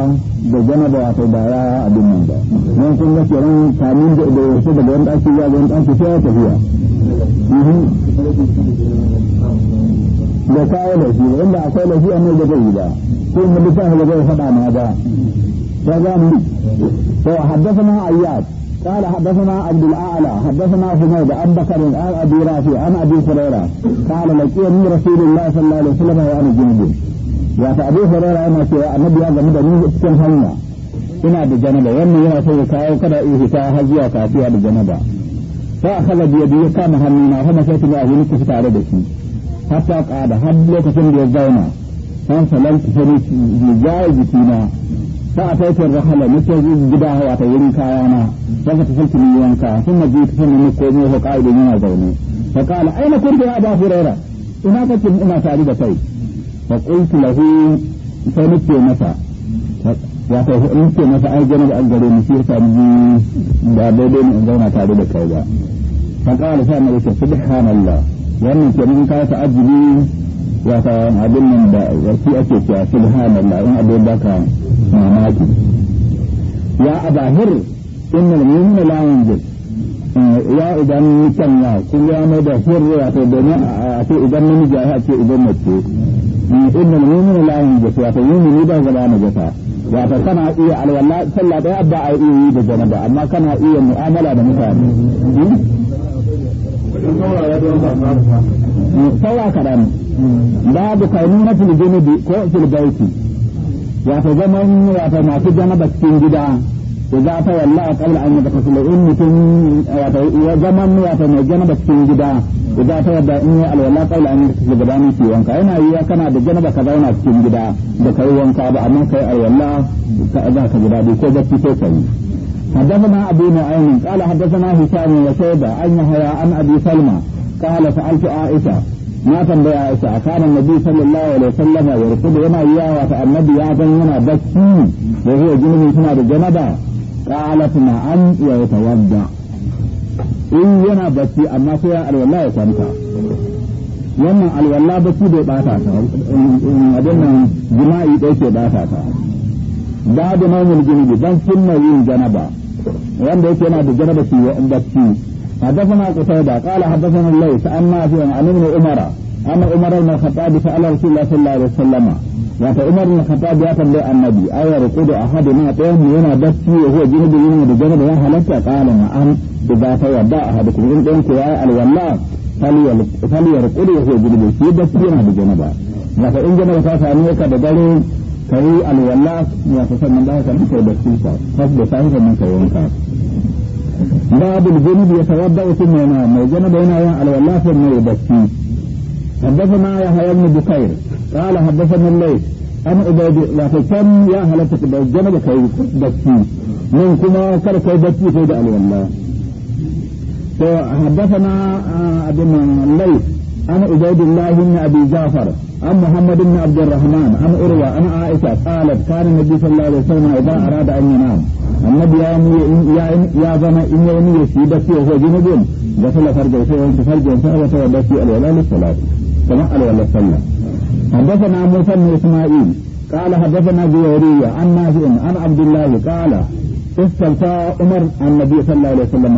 da gana ba wata ba a dunnan ba don kun ga kenan kamin da da wasu daga wani ɗaki ya wani ɗaki sai ya tafiya mhm. da kawo da shi wanda akwai da shi قال حدثنا عبد الاعلى حدثنا حميد عن بكر عن ابي رافع عن ابي هريره قال لقيني رسول الله صلى الله عليه وسلم وانا جنبي يا ابي هريره انا في النبي هذا مدني cikin hanya ina da janaba wannan yana so ya kayan kada in fita har zuwa kafiya da janaba fa akhadha bi yadi kama hannuna na ma sai a yi ku tare da shi hatta qada har da ya zauna san salan jikina fa a taitar rahala nake yi gida hawa ta wurin kaya na ba ka tafi kin sun ji ta mun ko mu haka idan yana zaune fa kala aina kunta ya Abu Hurairah ina kake ina tare da kai fa qultu lahu sai nake masa wato in ce masa ai gane da gare ni shi yasa ni ba daidai ne in zauna tare da kai ba fa kala sai mai ce subhanallah wannan ka ta ajibi ya sa abin nan da yarki ake cewa subhanallah in abu baka mamaki ya abahir innal mu'mina la yanzil ya idan kan ya kun ya mai da hir ya to domin a ce idan namiji ya ce idan mace innal mu'mina la yanzil ya to mu'mini ba zama na jasa wato kana iya alwala sallah daya ba a yi da janaba amma kana iya mu'amala da mutane hmm? saura kadan babu kainuna fil junubi ko fil baiti wato zaman wato masu janaba cikin gida idza ta walla qabla an yatasil in mutum wato ya zaman wato mai janaba cikin gida idza ta walla in ya alwala qabla an yatasil gabani ki wanka yana yi kana da janaba ka zauna cikin gida da kai wanka ba amma kai alwala ka za ka gida ko bacci ko kai حدثنا أبو نعيم قال حدثنا هشام وشيبة أن يحيى عن أبي سلمى قال سألت عائشة na tambaya Aisha kana Nabi sallallahu alaihi wasallam ya rukuda yana yiwa wato annabi ya zan yana bacci da zai jini suna da janaba qalat na'am ya yatawadda in eh, yana bacci amma sai ya alwala ya kwanta wannan alwala bacci bai bata ta abin nan jima'i dai ke bata ta babu namul jinubi ban sunna yin janaba wanda yake yana da janaba shi ya bacci حدثنا قتيبة قال حدثنا الليث عن نافع عن ابن عمر umara عمر بن الخطاب سأل رسول الله صلى الله عليه وسلم wata umar na khattab ya tambayi annabi ay yarqudu a tayyib yana bacci wa huwa junubi yana da janaba ya halatta qala na'am idza tawadda ahadukum in dan ku yayi alwalla fal yarqudu wa huwa junubi shi bacci yana da janaba wata in janaba ta same ka da dare kai alwalla ya ta sannan da ka mutai bacci ka fas da sahiha mun kai wanka باب الجنب يتوضا ثم ينام وجنب هنا على والله ثم يبكي حدثنا يا هيا بن بكير قال حدثنا الليث أنا أبادي لكن فكم يا هلا تقبل الجنب كي بكي منكما كما كر كي بكي كي دعلي والله فحدثنا ابن آه، الليث أنا عبيد الله بن ابي جعفر عن محمد بن عبد الرحمن عن اروى عن عائشه قالت كان النبي صلى الله عليه وسلم اذا اراد ان ينام annabi ya zama in ya niyya shi da shi wa junubin da sallar farjin sai wanke farjin sa wa tawadda shi alwala lissalat kamar alwala sallah حدثنا موسى بن اسماعيل قال حدثنا جويرية عن نافع عن عبد الله قال استفتى عمر النبي صلى الله عليه وسلم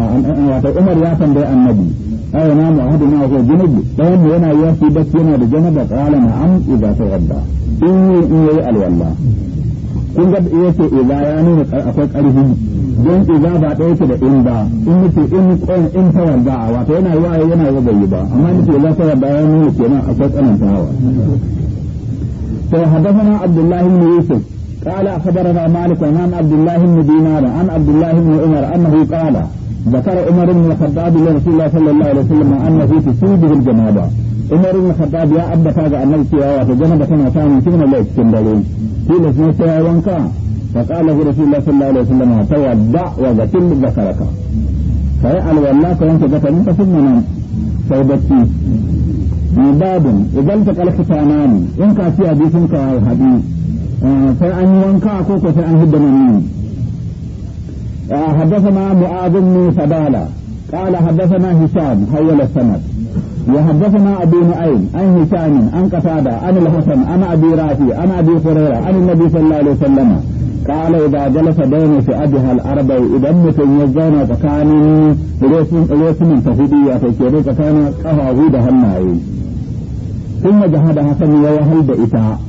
عمر يا سنبي النبي أي نام أحدنا هو جنب فهم ينا يأتي بس ينا بجنب قال نعم إذا تغدى إني إني الوالله kun ga yake iza ya nuna akwai ƙarfi don iza ba ɗaya yake da in ba in nace in ƙon in tawar da wato yana yi yana yaga yi ba amma in za tawar da ya nuna kenan akwai tsanantawa to hadathana abdullahi ibn yusuf قال أخبرنا مالك عن عبد الله بن دينار عن عبد الله بن عمر أنه قال ذكر عمر بن الخطاب لرسول الله صلى الله عليه وسلم أنه تصيبه الجنابة umar ibn khattab ya abbata ga annabi cewa wato janaba tana samun cikin lai cikin dare kila sai sai wanka fa qala hu rasulullah sallallahu alaihi wasallam tawadda wa gatil zakaraka kai alwalla ka wanke zakarin ka sunna nan sai bacci ibadun idan ta kalka tanani in ka ci abisin ka hadi eh, sai an yi wanka ko ko sai an hidda mani حدثنا معاذ بن سبالة قال حدثنا هشام حول السند وحدثنا أبو نعيم عن هشام عن قتادة عن الحسن عن أبي رافي عن أبي هريرة عن النبي صلى الله عليه وسلم قال إذا جلس بين فئدها الأربع إذا متن يزون فكان ليسم تهدية فكيري فكان قهوه دهنائي ثم جهد حسن ويهل بإتاء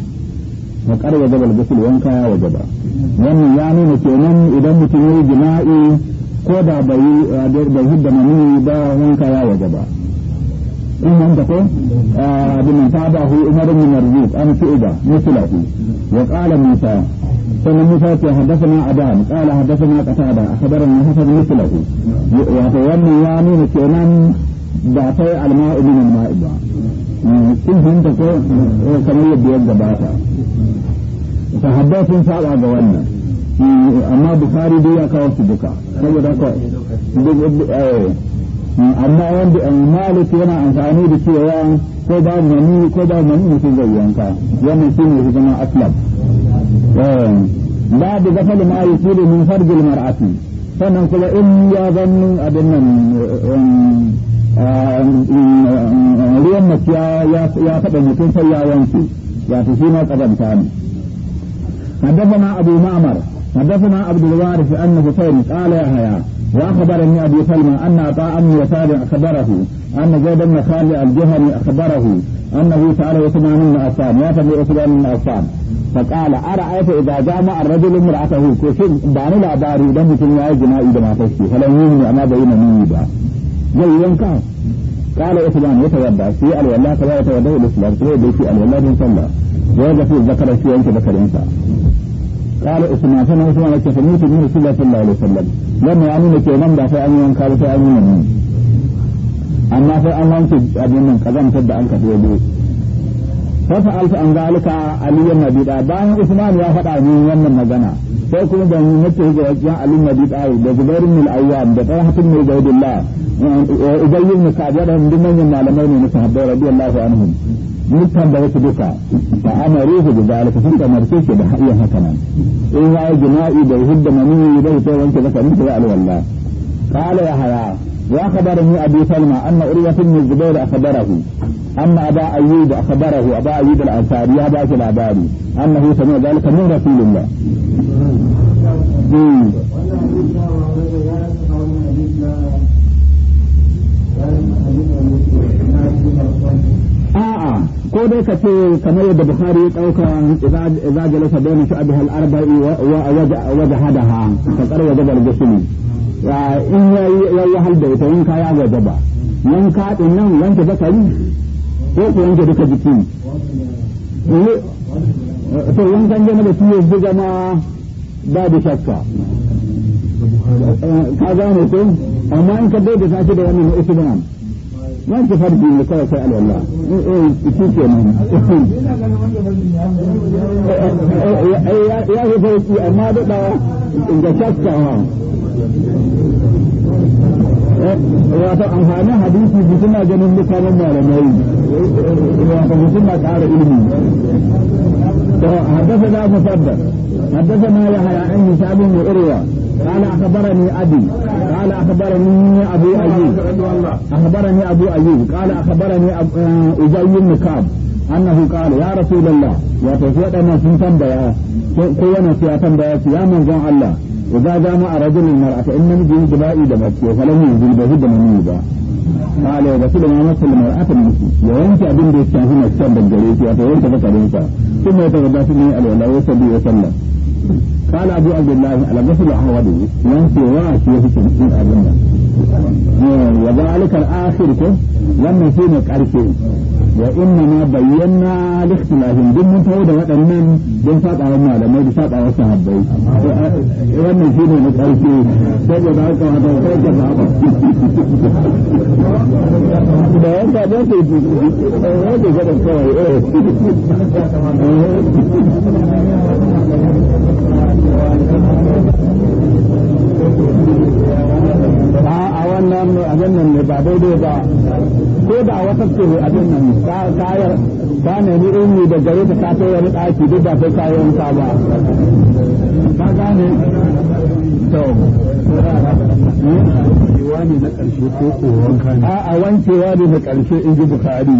وقال وجب الغسل وانكا وجب ومن يعني متنم إذا متن جماعي كودا بي بهد مني با وانكا وجب إن لم تكن بمن تابعه عمر بن مرزوق عن شعبة مثله وقال موسى ثم موسى حدثنا عدان قال حدثنا قتادة أخبرنا حسب مثله وتيمم يعني كمان بعطي الماء من الماء إن لم تكن كما يبدو بعطى فحدثنا سابعة جوانا amma bukari dai ya kawo su duka saboda haka amma wanda an malik yana amfani da cewa ko ba yi ko ba mani mutum zai yanka wannan shi ne zama aslam da eh, gafal ma da min farjil mar'ati sannan kuma in ya zannu abin nan um, um, um, ruwan mace ya faɗa mutum sai ya wanke wato shi ma kazanta ne حدثنا أبو معمر حدثنا عبد الوارث أنه سيد قال يا هيا وأخبرني أبي سلمى أن عطاء بن يسار أخبره أن زيد بن خالد الجهني أخبره أنه سأل عثمان بن عفان وافد عثمان بن عفان فقال أرأيت إذا جامع الرجل امرأته كشف باني لاباري دم مثل يا جماعي دم تشكي فلن يهني أما بين مني با زي ينكا قال عثمان يتوضأ في الولاة فلا يتوضأ الإسلام في الولاة صلى ويجف الذكر في أنت ذكر إنسان kare usman san wasu ma ke sanin ki ne shi da sallallahu alaihi wasallam yana nan da sai an yi wanka da an yi nan amma an wanke abin nan kazan ta an ka dole sai fa alfa an zalika ali ibn abi da bayan usman ya fada ni wannan magana sai kuma da ni nake ga ya ali ibn abi da da gurbin mil ayyam da ta hatun mai da billah ubayyin ka da dan dinnan malamai ne ne sahabbai radiyallahu anhum dukkan da wasu duka fa amaruhu bi dalika sun kamarce shi da iya haka nan in ya yi jima'i da hudda mani da ita wanke zaka in ta alwala qala ya haya wa khabarani abi salma anna urwa ibn zubair akhbarahu anna aba ayyub akhbarahu aba ayyub al-ansari ya ba shi labari annahu sami'a dalika min rasulillah ko dai ka ce kamar yadda bukhari ya dauka idza jalasa bayna shu'abiha al-arba'i wa wajhadaha ka qarwa da shi ya in yayi yayi halda ita in ka ya wajaba nan ka din nan wanke zakari ko ko wanke duka jiki eh, to wankan jana da shi ma gama da shakka eh, ka gane ko amma in ka da shi da wannan usman ما انت فرد بي لكي اسأل الله ايه اتوك يا مهم اتوك ايه ايه ايه ايه ما بقى انت شكت اهام ايه انا حديثي بسنا جنون مكان المال مهيد ايه انا بسنا تعالى علمي حدثنا مصدر حدثنا يا حياء عندي سعب إ قال أخبرني أبي قال أخبرني أبو أيوب أخبرني أبو أيوب قال أخبرني أبي بن كعب أنه قال يا رسول الله يا تفيت أنا سنتم بيا كوانا سياتم بيا يا من جان الله إذا جامع رجل المرأة إن نجي جبائي دمك فلم ينزل به دمني قال وبسل ما نصل المرأة المسي يوانك أبن بيتشاهين الشاب الجريس يا تفيت فكريسا ثم يتغدى سنه الولاء وسبي وسلم قال أبو عبد الله على مثل أحمد من سواه من أبنا وذلك الآخر كم لما فينا كارثين wa inna ma bayyana likhtilafin duk mun tawo da waɗannan don sabawa malamai da sabawa sahabbai wannan shi ne na ƙarshe saboda haka wata sai ka saba da yanka eh, da ke ke gada kawai eh a wannan abin nan ne ba daidai ba ko da wata ce abin nan kayar ba ne ni umi da gare ta ka kai wani ɗaki duk da kai kayan wanka ba ka gane to wankewa ne na ƙarshe ko ko wanka ne wankewa ne na ƙarshe in ji bukari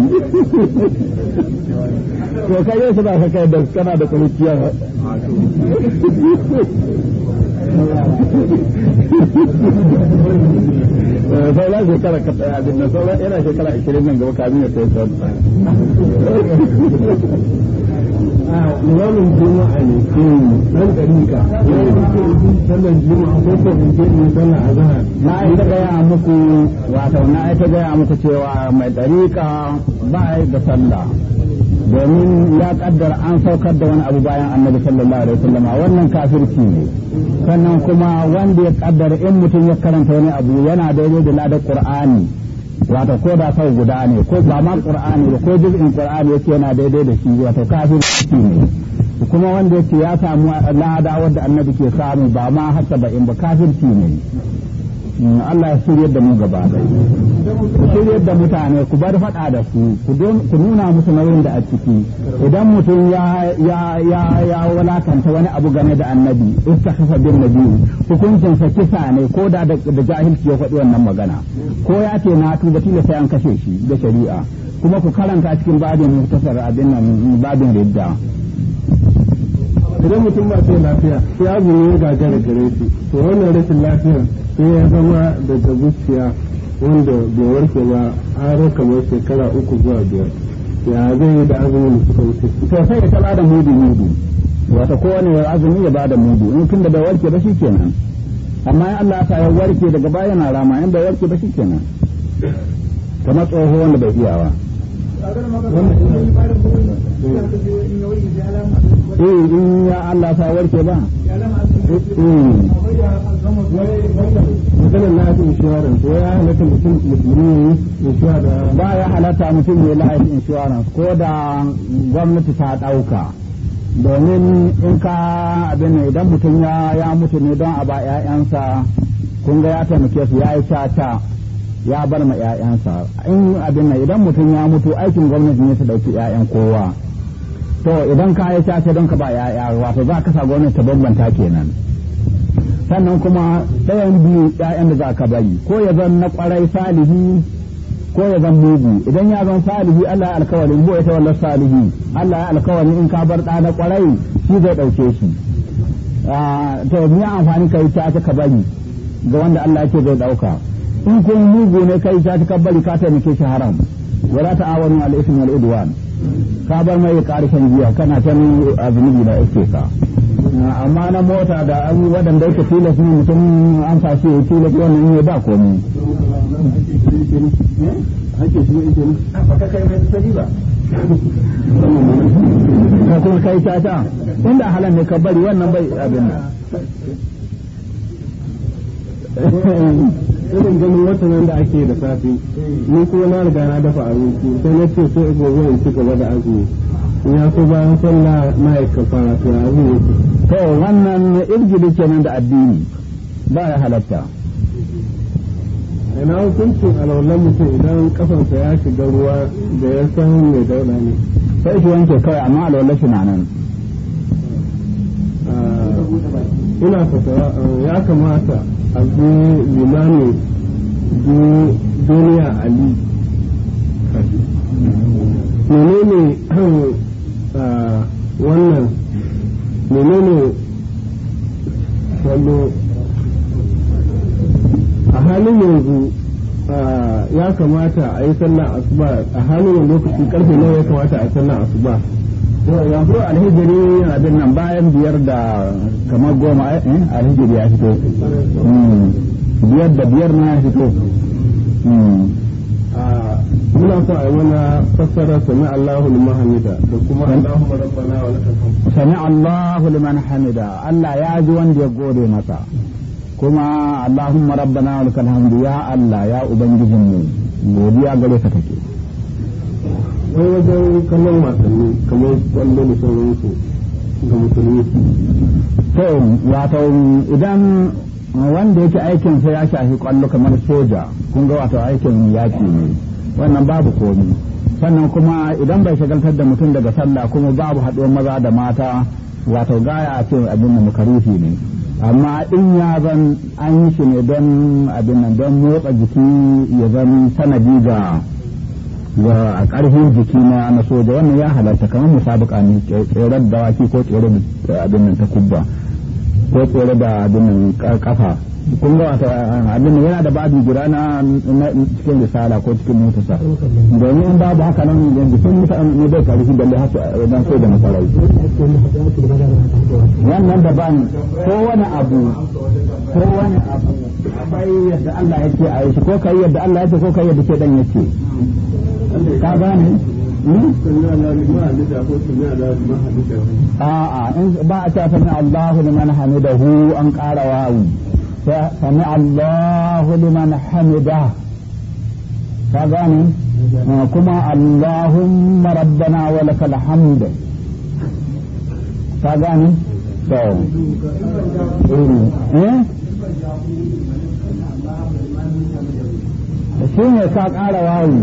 to kai yau ba ka kai da kana da kuruciya sauran shekara ka tsaya abin nan sauran yana shekara 20 nan gaba kamin ya tsaye sauran limamin juma'a ne eh, dan dariƙa sannan juma'a ko ko in je ne sallar azhar na ita gaya muku wato na ita gaya muku cewa mai dariƙa ba da sallah domin ya kaddar an saukar da wani abu bayan annabi sallallahu alaihi wasallam wannan kafirci ne sannan kuma wanda ya kaddar in mutum ya karanta wani abu yana daidai da ladar qur'ani wato ko da sau guda ne ko ba ma qur'ani ba ko juz'in qur'ani yake yana daidai da shi wato kafin shi ne kuma wanda yake ya samu lada wanda annabi ke samu ba ma ba in ba kafin shi ne Allah ya shiryar da mu gaba ɗaya ku shiryar da mutane ku bar faɗa da su ku nuna musu nauyin da a ciki idan mutum ya ya ya walakanta wani abu game da annabi istakhfa bin nabi hukuncin sa kisa ne ko da da jahilci ya faɗi wannan magana ko ya ce na tuba tilo sai an kashe shi da shari'a kuma ku karanta cikin babin muktasar abin nan babin ridda idan mutum ba sai lafiya sai azumi ya gagara gare shi to wannan rashin lafiya sai ya zama da zuciya wanda bai warke ba har kamar shekara uku zuwa biyar ya zai da azumin da suka wuce to sai ya taba da mudu mudu wata kowane azumi ya bada mudu in tun da bai warke ba shikenan amma in Allah ya warke daga baya na rama in bai warke ba shikenan kamar tsoho wanda bai iyawa in ya Allah sa warke ba maganin life insurance ko ya halatta mutum musulmi insurance ba ya halatta mutum ne life insurance ko da gwamnati ta ɗauka domin in ka abin idan mutum ya mutu ne don a ba 'ya'yansa kun ga ya taimake su ya yi sata ya bar ma 'ya'yansa in abin nan idan mutum ya mutu aikin gwamnati ne su dauki 'ya'yan kowa to idan ka yi sace don ka ba 'ya'ya wato za ka sa gwamnati ta bambanta kenan sannan kuma ɗayan biyu 'ya'yan da za ka bari ko ya zan na kwarai salihi ko ya zan mugu idan ya zan salihi Allah ya alkawarin ko ya tawalla salihi Allah ya alkawarin in ka bar ɗa na kwarai shi zai ɗauke shi ah, to ni amfani ka yi sace ka bari ga wanda Allah ya ce zai ɗauka in kun mugu ne kai ta takabbari ka taimake shi haram wala ta'awanu al ismi wal udwan ka bar mai karshen giya kana ta azumi da ake ka amma na mota da an yi wadanda yake tilas ne mutum an fasu ya tilas wannan ne ba komai ka kuma kai ta ta inda halan ne ka wannan bai abin nan irin ganin wata nan da ake da safe ni kuma na riga na dafa abinci sai na ce sai gobe in ci gaba da azumi ya so bayan sallah ma'aikata to azumi to wannan irgidi kenan da addini ba ya halatta ina hukuncin alwallan mutum idan kafansa ya shiga ruwa da ya san mai dauna ne sai shi wanke kawai amma alwallan shi na nan ah, ina fasara ah, ya kamata abu limami duniya ali menene ah, wannan menene wallo a halin yanzu ah, ya kamata a yi sallah asuba a halin lokaci karfe nawa ya kamata a yi sallah asuba yanzu alhijiri abin nan bayan biyar da kamar goma eh, eh, alhijiri hmm. biyar da biyar na ya fito hmm. ah, a mana fassara sami Allahu liman hamida da kuma Allahu hamida Allah ya ji wanda ya gode masa kuma Allahumma rabbana wa lakal ya Allah ya ubangijinmu godiya gare ka take wai wajen kallon wasanni kamar da sauransu ga musulmi to idan wanda yake aikin sai ya shafi kwallo kamar soja kun ga wato aikin yaki ne wannan babu komi sannan kuma idan bai shagaltar da mutum daga sallah kuma babu haɗuwar maza da mata wato gaya a ce abin da makarufi ne amma in ya zan an yi shi ne don abin nan don motsa jiki ya zan sanadi ga wa a ƙarfin jiki na na soja wannan ya halarta kamar musabaka ne tsere da waki ko tsere da abin nan ta kubba ko tsere da abin nan kafa kun ga wata abin nan yana da babu jira na cikin risala ko cikin mota mutasa domin in babu haka nan yanzu sun mutane ne bai karfi da lahasu dan soja na sarai wannan daban ko wani abu ko wani abu akwai yadda Allah yake a yi shi ko kai yadda Allah yake ko kai yadda ke dan yake ka gane a'a in ba a ta sami Allahu liman hamidahu an ƙara wawu sami Allahu liman hamida ka gane kuma ka gane eh? Eh? shi ne ka ƙara wawu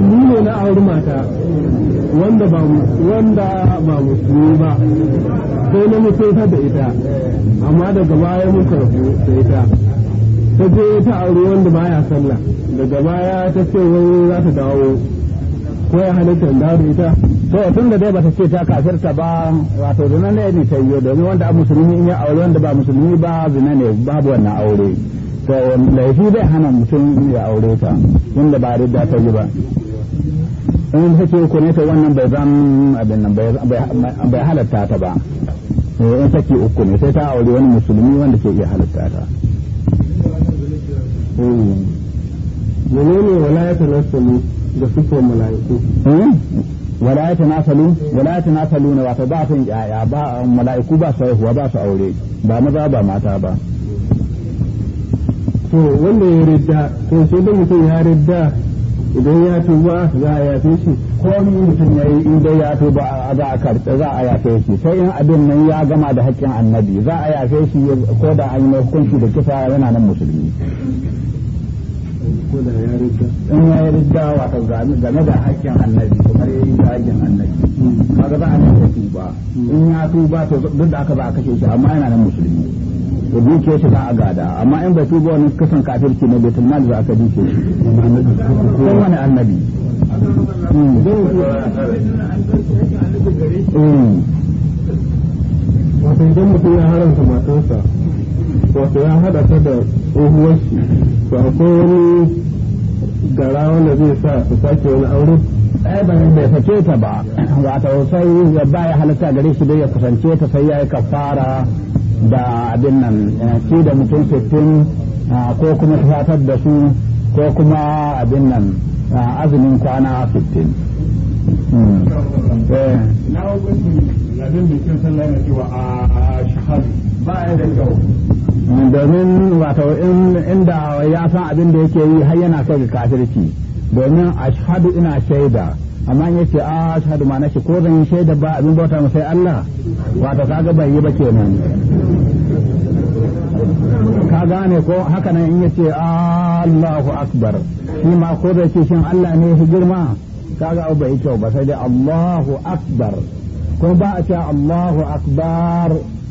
ni ne na auri mata wanda ba wanda ba musulmi ba sai na mutunta da ita amma daga baya muka rabu da ita ta je ta auri wanda baya sallah daga baya ta ce wani za ta dawo ko ya halitta da ita to tun da dai bata ce ta kafirta ba wato zina ne ne ta yiwu domin wanda a musulmi in ya aure wanda ba musulmi ba zina ne babu wannan aure to laifi zai hana mutum ya aure ta inda ba da ta yi ba in ta ce ku ne ta wannan bai zan abin nan bai halatta ta ba in ta ce uku ne sai ta aure wani musulmi wanda ke iya halatta ta hmm. menene wala ya tanassalu da sufan mala'iku hmm? wala na tanasalu na wasa ba sun yaya ba mala'iku ba su haihuwa ba su aure ba maza ba mata ba to wanda ya ridda to sai da mutum ya ridda idan ya tuba za a yafe shi ko ni mutum ya yi inda ya tuba za a karɓi za a yafe shi sai in abin nan ya gama da hakkin annabi za a yafe shi ko da an yi hukunci da kisa yana nan musulmi ko da ya ridda in ya ridda wato game da hakkin annabi kamar ya yi hakkin annabi kaga ba a nan ya tuba in ya tuba to duk da aka ba a kashe shi amma yana nan musulmi da duke shi za a gada amma in bai tuba wani kasan kafirci na betul mal za ka duke shi ko wani annabi wato idan mutum ya haramta matarsa wato ya hada ta da tsohuwar shi to akwai wani gara wanda zai sa su sake wani aure ai ba bai sake ta ba ta sai ya baya halatta gare shi dai ya kusance ta sai ya yi kafara da abin nan ci eh, da mutum sittin ah, ko kuma fatar da su ko kuma abin nan ah, azumin kwana sittin. Hmm. Eh. na hukuncin abin da kin sallah na cewa a ah, shahar ba ya da kyau domin wato inda ya san abin da yake yi har yana kai ga kafirci domin ashhadu ina shaida amma ya ce a ah, ashhadu ma nashi ko zan yi shaida ba abin bauta mu sai Allah wato kaga bai yi ba kenan ka gane ko haka nan in yace Allahu akbar shi ma ko da shin Allah ne shi girma kaga abu bai kyau ba sai dai Allahu akbar ko ba a ce Allahu akbar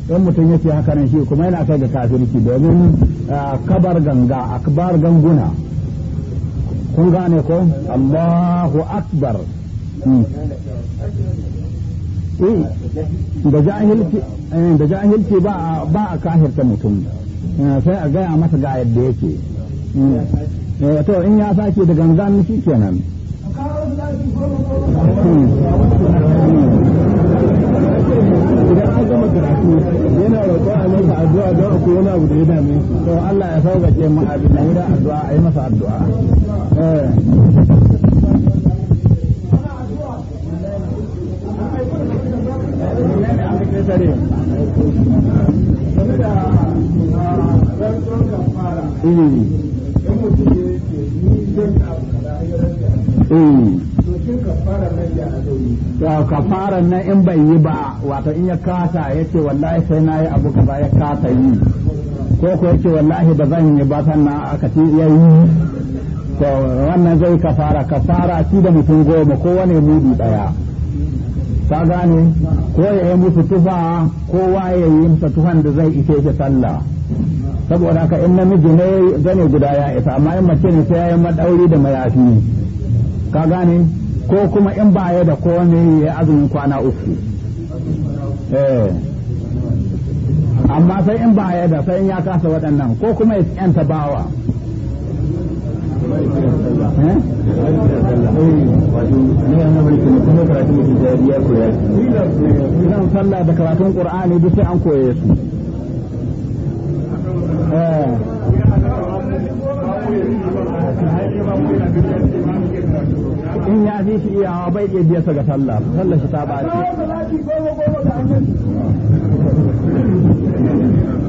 in mutum yake haka nan shi kuma yana kai ga kafirci domin ah, kabar ganga akbar ganguna kun gane ko Allahu akbar hmm. eh, eh, da jahilci ba a kahirta mutum eh, sai a gaya masa ga yadda yake hmm. to in ya sake da ganga shi kenan hmm. idan an gama karatu yana roƙon a masa addu'a don akwai wani abu da ya dame to Allah ya sauƙaƙe mu abin da addu'a a yi masa addu'a yaron nan in bai yi ba wato in ya kasa ya ce wallahi sai na yi abu kaza ya kasa yi ko ko ya wallahi ba zan yi ba sannan aka ci ya yi to wannan zai kafara kafara shi da mutum goma ko wani mudu daya ka gane ko ya yi musu tufa ko waye yi musu tufan da zai ishe shi sallah saboda haka in namiji ne zane guda ya isa amma in mace ne sai ya yi madauri da mayafi ka gane ko kuma in ba ya da kowane ya azumin kwana uku eh. amma sai in ba ya da sai in ya kasa waɗannan ko kuma ya yanta bawa eh? Zan sallah da karatun Ƙur'ani duk sai an koye su. Eh. in ya fi shi iyawa bai iya biya saka ga sallah sallah shi ta ba